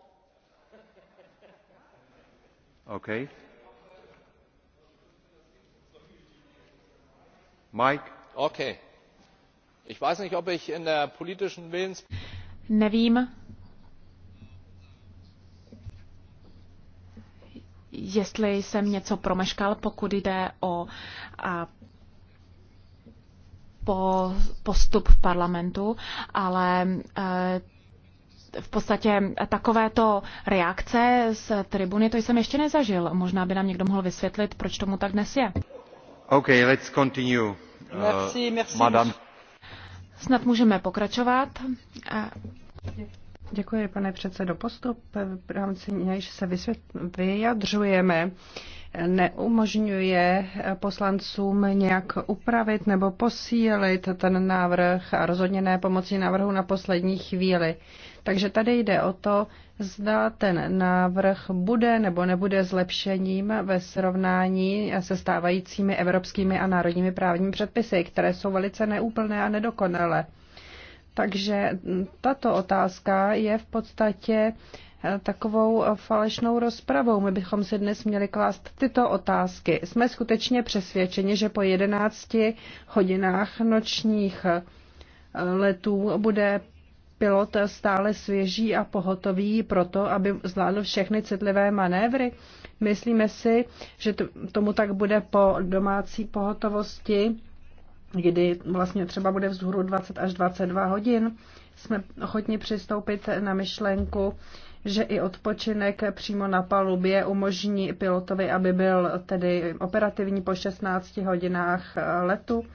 Okay. Mike. Okay ich weiß nicht ob ich in der politischen Willens Nevím, jestli jsem něco promeškal, pokud jde o a, po, postup v parlamentu, ale e, v podstatě takovéto reakce z tribuny, to jsem ještě nezažil. Možná by nám někdo mohl vysvětlit, proč tomu tak dnes je. Okay, let's continue. Uh, merci, merci, Madame Snad můžeme pokračovat. A... Děkuji, pane předsedo. Postup v rámci nějž se vysvět... vyjadřujeme neumožňuje poslancům nějak upravit nebo posílit ten návrh a rozhodně ne pomocí návrhu na poslední chvíli. Takže tady jde o to, zda ten návrh bude nebo nebude zlepšením ve srovnání se stávajícími evropskými a národními právními předpisy, které jsou velice neúplné a nedokonalé. Takže tato otázka je v podstatě takovou eh, falešnou rozpravou. My bychom si dnes měli klást tyto otázky. Jsme skutečně přesvědčeni, že po 11 hodinách nočních eh, letů bude pilot stále svěží a pohotový proto, aby zvládl všechny citlivé manévry. Myslíme si, že tomu tak bude po domácí pohotovosti, kdy vlastně třeba bude vzhůru 20 až 22 hodin. Jsme ochotni přistoupit na myšlenku, že i odpočinek přímo na palubě umožní pilotovi, aby byl tedy operativní po 16 hodinách eh, letu.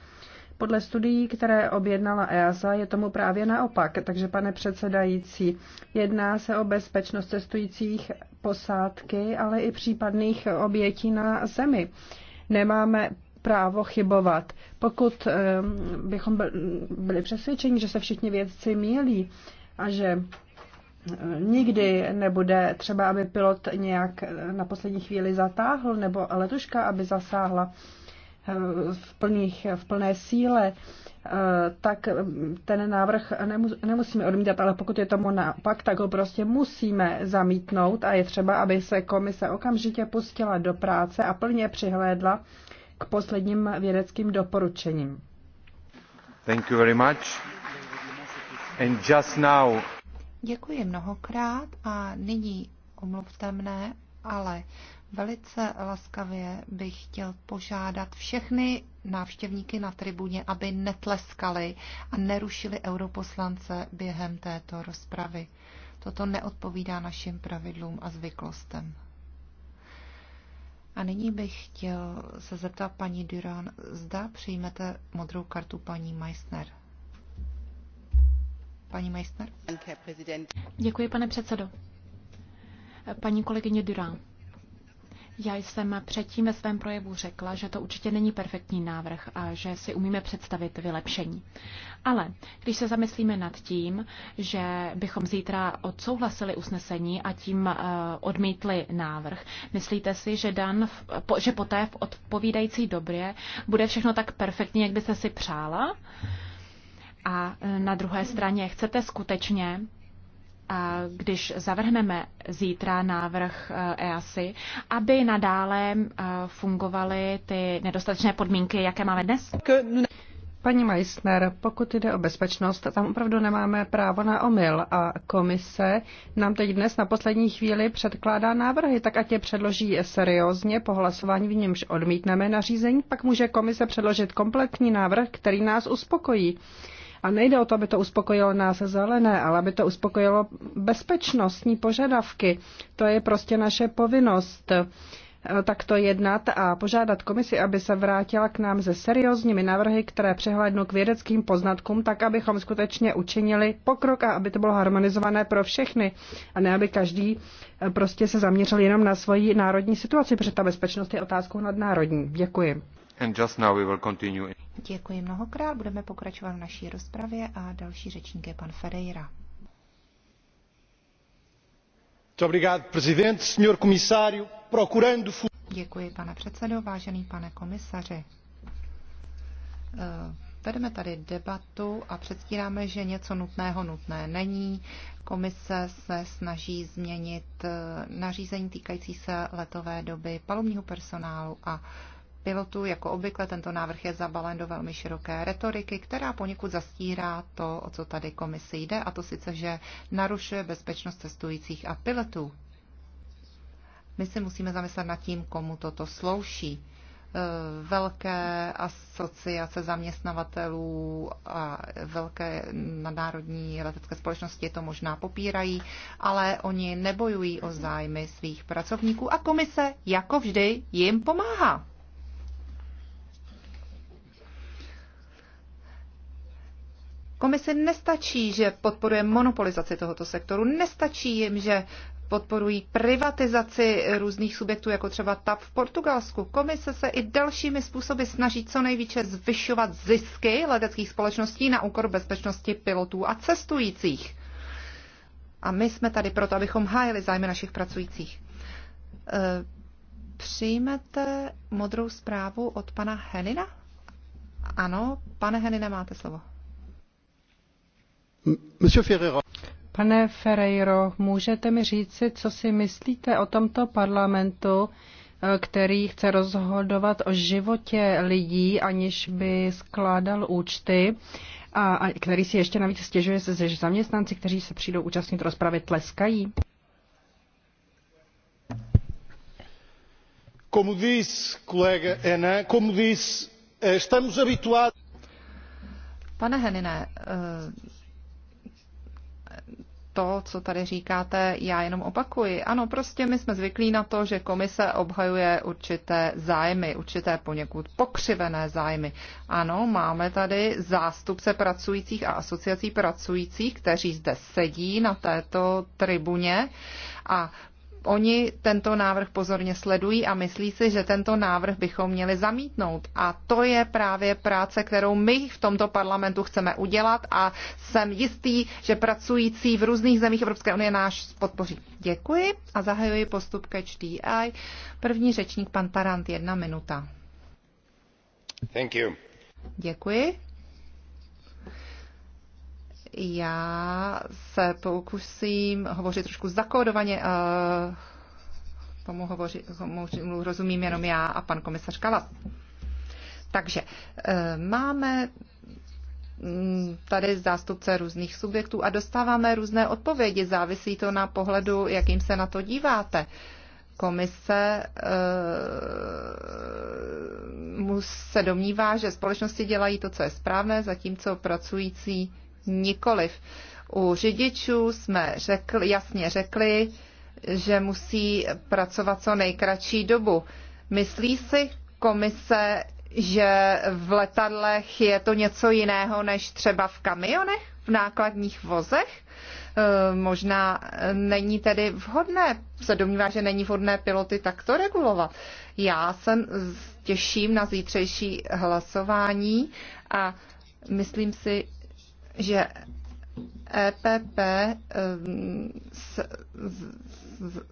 Podle studií, které objednala EASA, je tomu právě naopak. Takže, pane předsedající, jedná se o bezpečnost cestujících posádky, ale i případných obětí na zemi. Nemáme právo chybovat. Pokud eh, bychom byli přesvědčeni, že se všichni vědci mílí a že nikdy nebude třeba, aby pilot nějak na poslední chvíli zatáhl, nebo letuška, aby zasáhla eh, v, plných, v plné síle, eh, tak eh, ten návrh nemusíme odmítat, ale pokud je tomu naopak, tak ho prostě musíme zamítnout a je třeba, aby se komise okamžitě pustila do práce a plně přihlédla k posledním vědeckým doporučením. Thank you very much. And just now Děkuji mnohokrát a nyní omluvte mne, ale velice laskavě bych chtěl požádat všechny návštěvníky na tribuně, aby netleskali a nerušili europoslance během této rozpravy. Toto neodpovídá našim pravidlům a zvyklostem. A nyní bych chtěl se zeptat paní Duran, zda přijmete modrou kartu paní Meissner. Paní Meissner. Děkuji, pane předsedo. Paní kolegyně Durán. Já jsem předtím ve svém projevu řekla, že to určitě není perfektní návrh a že si umíme představit vylepšení. Ale když se zamyslíme nad tím, že bychom zítra odsouhlasili usnesení a tím eh, odmítli návrh, myslíte si, že, dan v, že poté v odpovídající době bude všechno tak perfektní, jak byste si přála? Uh, a e, na druhé straně chcete skutečně a když zavrhneme zítra návrh EASY, e aby nadále e, fungovaly ty nedostatečné podmínky, jaké máme dnes? Paní Meissner, pokud jde o bezpečnost, tam opravdu nemáme právo na omyl a komise nám teď dnes na poslední chvíli předkládá návrhy, tak ať je předloží seriózně, po hlasování v němž odmítneme nařízení, pak může komise předložit kompletní návrh, který nás uspokojí. A nejde o to, aby to uspokojilo nás zelené, ale aby to uspokojilo bezpečnostní požadavky. To je prostě naše povinnost eh, takto jednat a požádat komisi, aby se vrátila k nám se seriózními návrhy, které přehlednou k vědeckým poznatkům, tak abychom skutečně učinili pokrok a aby to bylo harmonizované pro všechny a ne aby každý eh, prostě se zaměřil jenom na svoji národní situaci, protože ta bezpečnost je otázkou nadnárodní. Děkuji. And just now we will continue. Děkuji mnohokrát, budeme pokračovat v naší rozpravě a další řečník je pan Ferreira. Děkuji, pane předsedo, vážený pane komisaři. Eh, vedeme tady debatu a předstíráme, že něco nutného nutné není. Komise se snaží změnit eh, nařízení týkající se letové doby palubního personálu a pilotů. Jako obvykle tento návrh je zabalen do velmi široké retoriky, která poněkud zastírá to, o co tady komise jde, a to sice, že narušuje bezpečnost cestujících a pilotů. My si musíme zamyslet nad tím, komu toto slouší e, velké asociace zaměstnavatelů a velké nadnárodní letecké společnosti to možná popírají, ale oni nebojují o zájmy svých pracovníků a komise jako vždy jim pomáhá. Komise nestačí, že podporuje monopolizaci tohoto sektoru, nestačí jim, že podporují privatizaci různých subjektů, jako třeba TAP v Portugalsku. Komise se i dalšími způsoby snaží co nejvíce zvyšovat zisky leteckých společností na úkor bezpečnosti pilotů a cestujících. A my jsme tady proto, abychom hájili zájmy našich pracujících. E, přijmete modrou zprávu od pana Henina? Ano, pane Henine, máte slovo. Ferreira. Pane Ferreiro, můžete mi říci, co si myslíte o tomto parlamentu, eh, který chce rozhodovat o životě lidí, aniž by skládal účty, a, který si ještě navíc stěžuje, se, že zaměstnanci, kteří se přijdou účastnit rozpravy, tleskají? Como disse, kolega Ena, como disse, eh, estamos habituados... Pane Henine, eh, to, co tady říkáte, já jenom opakuji. Ano, prostě my jsme zvyklí na to, že komise obhajuje určité zájmy, určité poněkud pokřivené zájmy. Ano, máme tady zástupce pracujících a asociací pracujících, kteří zde sedí na této tribuně a Oni tento návrh pozorně sledují a myslí si, že tento návrh bychom měli zamítnout. A to je právě práce, kterou my v tomto parlamentu chceme udělat a jsem jistý, že pracující v různých zemích Evropské unie náš podpoří. Děkuji a zahajuji postup ke HDI. První řečník pan Tarant, jedna minuta. Thank you. Děkuji. Já se pokusím hovořit trošku zakódovaně, eh, tomu, hovoři, tomu rozumím jenom já a pan komisař Kala. Takže eh, máme mm, tady zástupce různých subjektů a dostáváme různé odpovědi. Závisí to na pohledu, jakým se na to díváte. Komise uh, se domnívá, že společnosti dělají to, co je správné, zatímco pracující nikoliv. U řidičů jsme řekli, jasně řekli, že musí pracovat co nejkratší dobu. Myslí si komise, že v letadlech je to něco jiného než třeba v kamionech, v nákladních vozech? E, možná není tedy vhodné, se domnívá, že není vhodné piloty takto regulovat. Já se těším na zítřejší hlasování a myslím si, že EPP eh,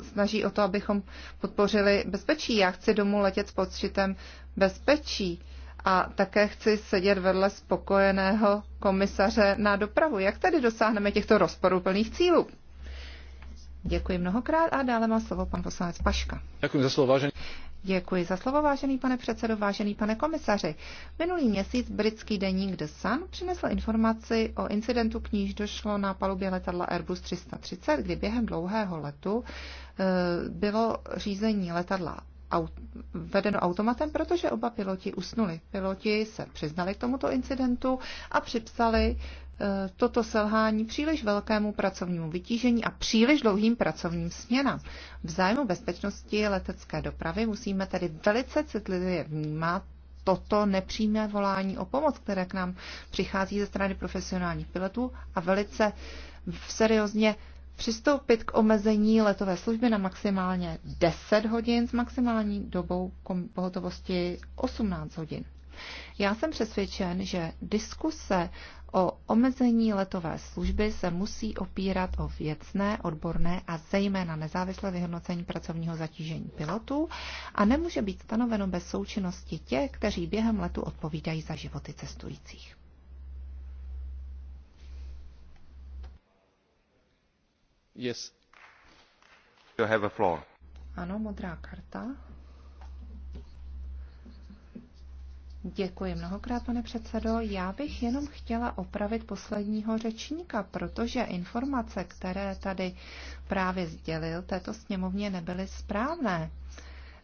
snaží o to, abychom podpořili bezpečí. Já chci domů letět s podstřitem bezpečí a také chci sedět vedle spokojeného komisaře na dopravu. Jak tedy dosáhneme těchto rozporuplných cílů? Děkuji mnohokrát a dále má slovo pan poslanec Paška. Děkuji za slovo, vážený. Děkuji za slovo, vážený pane předsedo, vážený pane komisaři. Minulý měsíc britský deník The Sun přinesl informaci o incidentu, k níž došlo na palubě letadla Airbus 330, kdy během dlouhého letu eh, bylo řízení letadla aut, vedeno automatem, protože oba piloti usnuli. Piloti se přiznali k tomuto incidentu a připsali toto selhání příliš velkému pracovnímu vytížení a příliš dlouhým pracovním směnám. V zájmu bezpečnosti letecké dopravy musíme tedy velice citlivě vnímat toto nepřímé volání o pomoc, které k nám přichází ze strany profesionálních pilotů a velice seriózně přistoupit k omezení letové služby na maximálně 10 hodin s maximální dobou pohotovosti 18 hodin. Já jsem přesvědčen, že diskuse O omezení letové služby se musí opírat o věcné, odborné a zejména nezávislé vyhodnocení pracovního zatížení pilotů a nemůže být stanoveno bez součinnosti těch, kteří během letu odpovídají za životy cestujících. Yes. You have a floor. Ano, modrá karta. Děkuji mnohokrát, pane předsedo. Já bych jenom chtěla opravit posledního řečníka, protože informace, které tady právě sdělil, této sněmovně nebyly správné.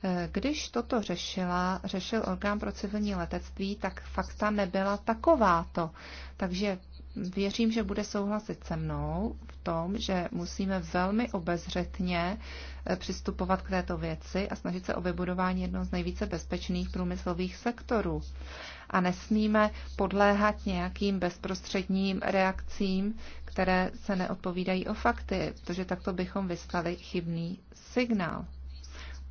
Eh, když toto řešila, řešil orgán pro civilní letectví, tak fakta nebyla takováto. Takže Věřím, že bude souhlasit se mnou v tom, že musíme velmi obezřetně eh, přistupovat k této věci a snažit se o vybudování jednoho z nejvíce bezpečných průmyslových sektorů. A nesmíme podléhat nějakým bezprostředním reakcím, které se neodpovídají o fakty, protože takto bychom vyslali chybný signál.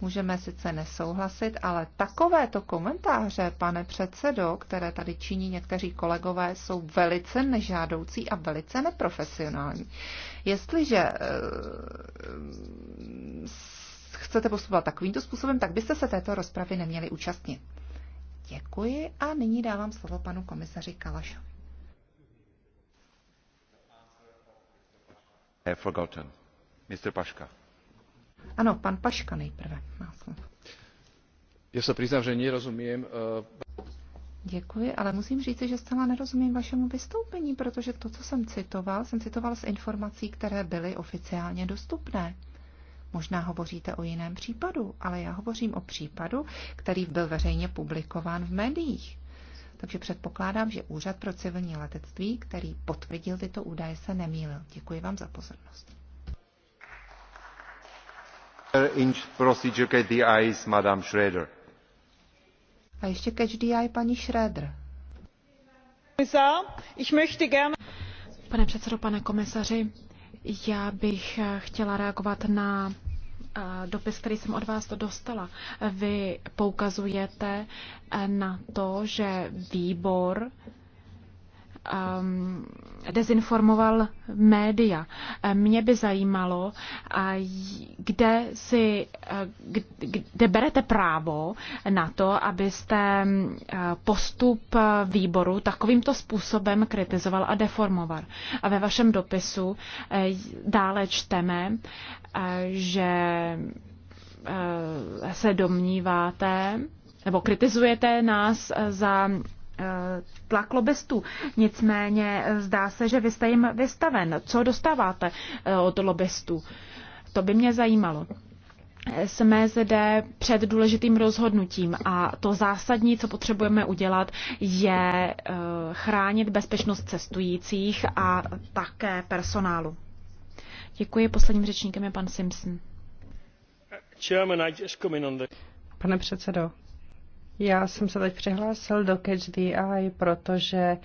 Můžeme sice nesouhlasit, ale takovéto komentáře, pane předsedo, které tady činí někteří kolegové, jsou velice nežádoucí a velice neprofesionální. Jestliže eh, chcete postupovat takovýmto způsobem, tak byste se této rozpravy neměli účastnit. Děkuji a nyní dávám slovo panu komisaři Kalašovi. Have eh, forgotten. Mr. Paška. Ano, pan Paška nejprve má slovo. Já se přiznám, že nerozumím. Eh, Děkuji, ale musím říct, že zcela nerozumím vašemu vystoupení, protože to, co jsem citoval, jsem citoval z informací, které byly oficiálně dostupné. Možná hovoříte o jiném případu, ale já hovořím o případu, který byl veřejně publikován v médiích. Takže předpokládám, že Úřad pro civilní letectví, který potvrdil tyto údaje, se nemýlil. Děkuji vám za pozornost. A ještě paní Pane předsedo, pane komisaři, já bych eh, chtěla reagovat na eh, dopis, který jsem od vás dostala. Vy poukazujete eh, na to, že výbor Um, dezinformoval média. Eh, mě by zajímalo, eh, kde, si, eh, kde berete právo na to, abyste postup výboru takovýmto způsobem kritizoval a deformoval. A ve vašem dopisu dále čteme, že se domníváte, nebo kritizujete nás za tlak lobbystů. Nicméně zdá se, že vy jste jim vystaven. Co dostáváte eh, od lobbystů? To by mě zajímalo. Jsme zde před důležitým rozhodnutím a to zásadní, co potřebujeme udělat, je eh, chránit bezpečnost cestujících a také personálu. Děkuji. Posledním řečníkem je pan Simpson. Pane předsedo, já jsem se teď přihlásil do Catch the Eye, protože eh,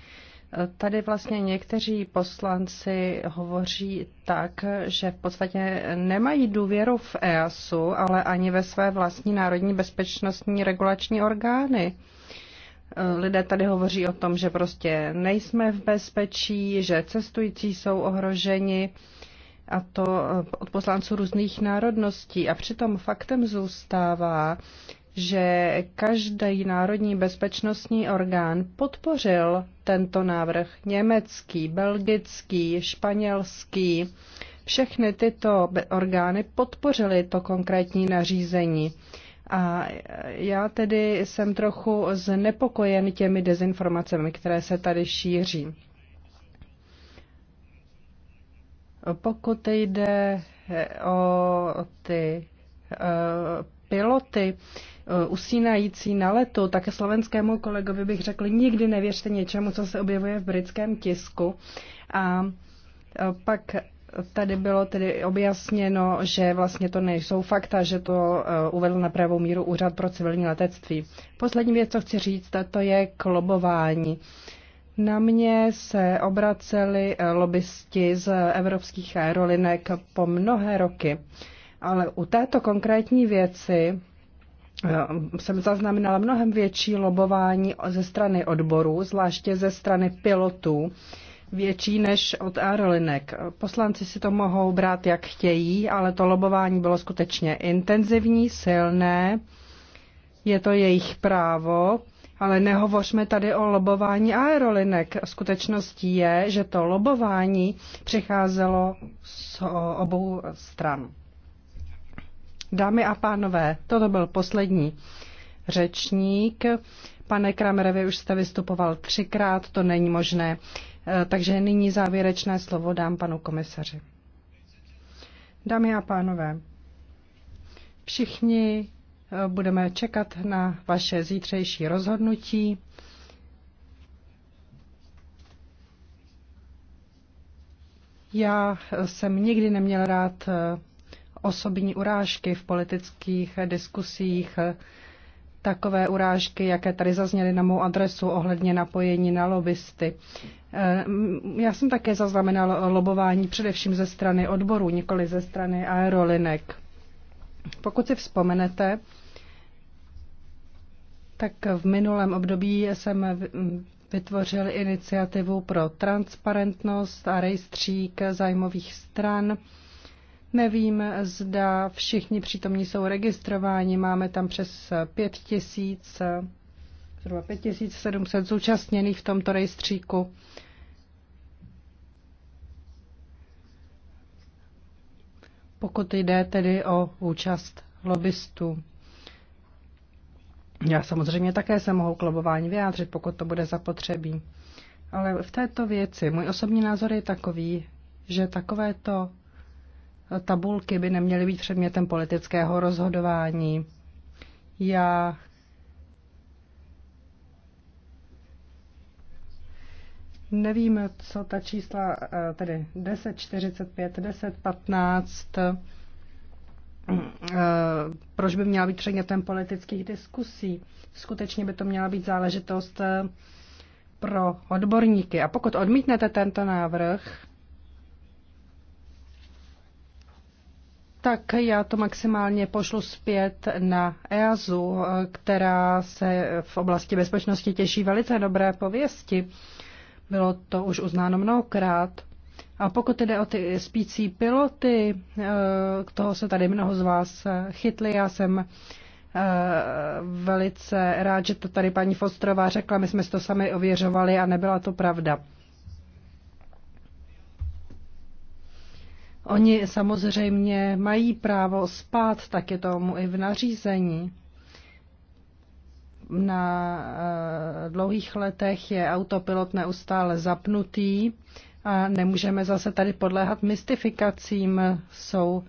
Tady vlastně někteří poslanci hovoří tak, že v podstatě nemají důvěru v EASu, ale ani ve své vlastní národní bezpečnostní regulační orgány. Eh, lidé tady hovoří o tom, že prostě nejsme v bezpečí, že cestující jsou ohroženi a to eh, od poslanců různých národností. A přitom faktem zůstává, že každý národní bezpečnostní orgán podpořil tento návrh. Německý, belgický, španělský, všechny tyto orgány podpořily to konkrétní nařízení. A já tedy jsem trochu znepokojen těmi dezinformacemi, které se tady šíří. Pokud jde o ty eh, piloty, Eh, usínající na letu, tak slovenskému kolegovi bych řekl, nikdy nevěřte něčemu, co se objevuje v britském tisku. A eh, pak tady bylo tedy objasněno, že vlastně to nejsou fakta, že to eh, uvedl na pravou míru Úřad pro civilní letectví. Poslední věc, co chci říct, to je klobování. Na mě se obraceli lobbysti z evropských aerolinek po mnohé roky, ale u této konkrétní věci Eh, jsem zaznamenala mnohem větší lobování ze strany odborů, zvláště ze strany pilotů, větší než od aerolinek. Poslanci si to mohou brát, jak chtějí, ale to lobování bylo skutečně intenzivní, silné. Je to jejich právo, ale nehovořme tady o lobování aerolinek. Skutečností je, že to lobování přicházelo z obou stran. Dámy a pánové, toto byl poslední řečník. Pane Kramere, vy už jste vystupoval třikrát, to není možné. Eh, takže nyní závěrečné slovo dám panu komisaři. Dámy a pánové, všichni eh, budeme čekat na vaše zítřejší rozhodnutí. Já jsem nikdy neměl rád eh, osobní urážky v politických diskusích, takové urážky, jaké tady zazněly na mou adresu ohledně napojení na lobbysty. Eh, já jsem také zaznamenal lobování především ze strany odborů, nikoli ze strany aerolinek. Pokud si vzpomenete, tak v minulém období jsem vytvořil iniciativu pro transparentnost a rejstřík zájmových stran. Nevím, zda všichni přítomní jsou registrováni. Máme tam přes 5 tisíc, zhruba 5700 zúčastněných v tomto rejstříku. Pokud jde tedy o účast lobbystů. Já samozřejmě také se mohu klobování vyjádřit, pokud to bude zapotřebí. Ale v této věci můj osobní názor je takový, že takovéto tabulky by neměly být předmětem politického rozhodování. Já nevím, co ta čísla, eh, tedy 10,45, 10,15, eh, proč by měla být předmětem politických diskusí. Skutečně by to měla být záležitost eh, pro odborníky. A pokud odmítnete tento návrh, tak já to maximálně pošlu zpět na EASu, která se v oblasti bezpečnosti těší velice dobré pověsti. Bylo to už uznáno mnohokrát. A pokud jde o ty spící piloty, e, k toho se tady mnoho z vás chytli, já jsem e, velice rád, že to tady paní Fostrová řekla, my jsme si to sami ověřovali a nebyla to pravda. Oni samozřejmě mají právo spát, tak je tomu i v nařízení. Na eh, dlouhých letech je autopilot neustále zapnutý a nemůžeme zase tady podléhat mystifikacím. Jsou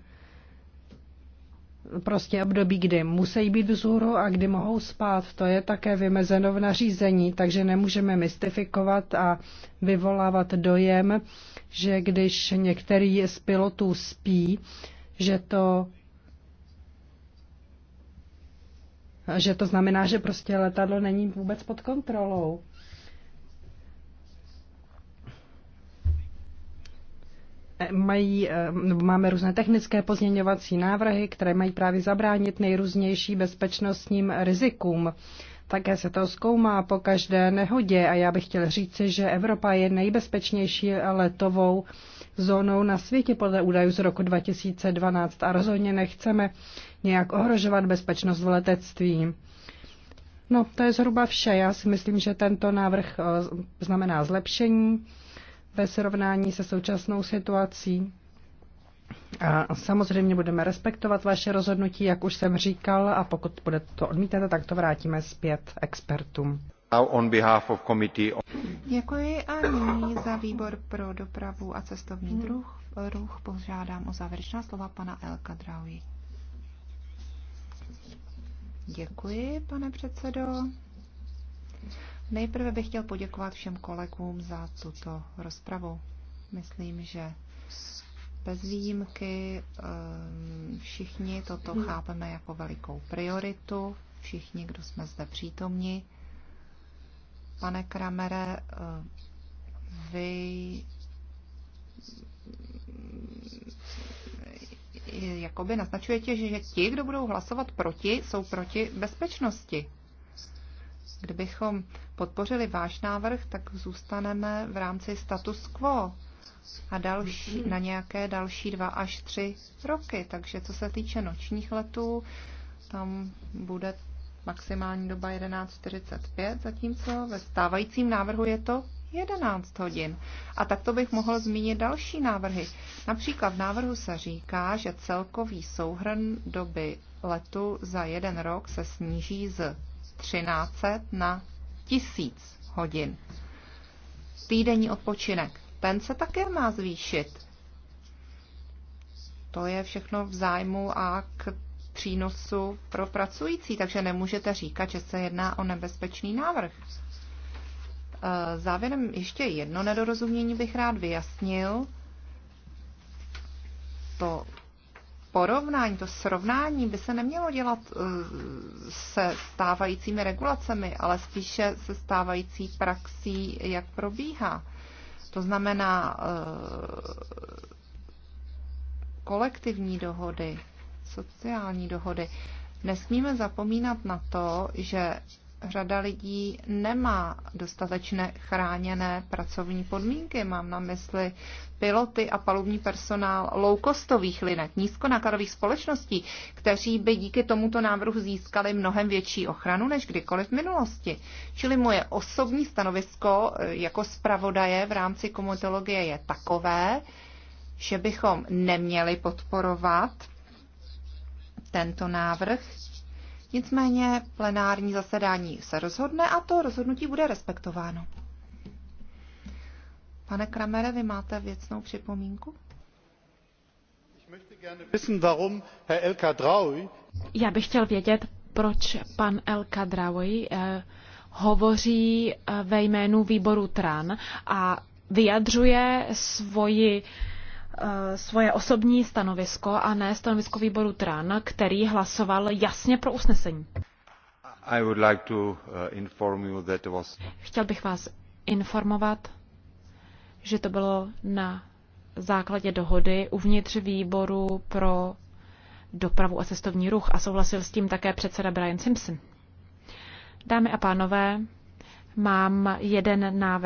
prostě období, kdy musí být vzhůru a kdy mohou spát. To je také vymezeno v nařízení, takže nemůžeme mystifikovat a vyvolávat dojem, že když některý z pilotů spí, že to že to znamená, že prostě letadlo není vůbec pod kontrolou. Eh, mají, eh, nebo máme různé technické pozměňovací návrhy, které mají právě zabránit nejrůznější bezpečnostním rizikům. Také se to zkoumá po každé nehodě a já bych chtěl říci, že Evropa je nejbezpečnější letovou zónou na světě podle údajů z roku 2012 a rozhodně nechceme nějak ohrožovat bezpečnost v letectví. No, to je zhruba vše. Já si myslím, že tento návrh eh, znamená zlepšení ve srovnání se současnou situací. A samozřejmě budeme respektovat vaše rozhodnutí, jak už jsem říkal, a pokud bude to odmítat, tak to vrátíme zpět expertům. On behalf of committee on... Děkuji a nyní za výbor pro dopravu a cestovní druh, ruch požádám o závěrečná slova pana Elka Drauji. Děkuji, pane předsedo. Nejprve bych chtěl poděkovat všem kolegům za tuto rozpravu. Myslím, že bez výjimky ehm, všichni toto chápeme jako velikou prioritu, všichni, kdo jsme zde přítomni. Pane Kramere, ehm, vy ehm, jakoby naznačujete, že ti, kdo budou hlasovat proti, jsou proti bezpečnosti. Kdybychom podpořili váš návrh, tak zůstaneme v rámci status quo a další, na nějaké další dva až tři roky. Takže co se týče nočních letů, tam bude maximální doba 11.45, zatímco ve stávajícím návrhu je to 11 hodin. A takto bych mohl zmínit další návrhy. Například v návrhu se říká, že celkový souhrn doby letu za jeden rok se sníží z 1300 na 1000 hodin. Týdenní odpočinek, ten se také má zvýšit. To je všechno v zájmu a k přínosu pro pracující, takže nemůžete říkat, že se jedná o nebezpečný návrh. E, závěrem ještě jedno nedorozumění bych rád vyjasnil. To porovnání, to srovnání by se nemělo dělat eh, se stávajícími regulacemi, ale spíše se stávající praxí, jak probíhá. To znamená eh, kolektivní dohody, sociální dohody. Nesmíme zapomínat na to, že řada lidí nemá dostatečné chráněné pracovní podmínky. Mám na mysli piloty a palubní personál loukostových linek, nízkonákladových společností, kteří by díky tomuto návrhu získali mnohem větší ochranu než kdykoliv v minulosti. Čili moje osobní stanovisko eh, jako zpravodaje v rámci komitologie je takové, že bychom neměli podporovat tento návrh, Nicméně plenární zasedání se rozhodne a to rozhodnutí bude respektováno. Pane Kramere, vy máte věcnou připomínku? Já bych chtěl vědět, proč pan El Kadraoui eh, hovoří eh, ve jménu výboru TRAN a vyjadřuje svoji eh, Eh, svoje osobní stanovisko a ne stanovisko výboru TRAN, který hlasoval jasně pro usnesení. I would like to eh, inform you that was... Chtěl bych vás informovat, že to bylo na základě dohody uvnitř výboru pro dopravu a cestovní ruch a souhlasil s tím také předseda Brian Simpson. Dámy a pánové, mám jeden návrh.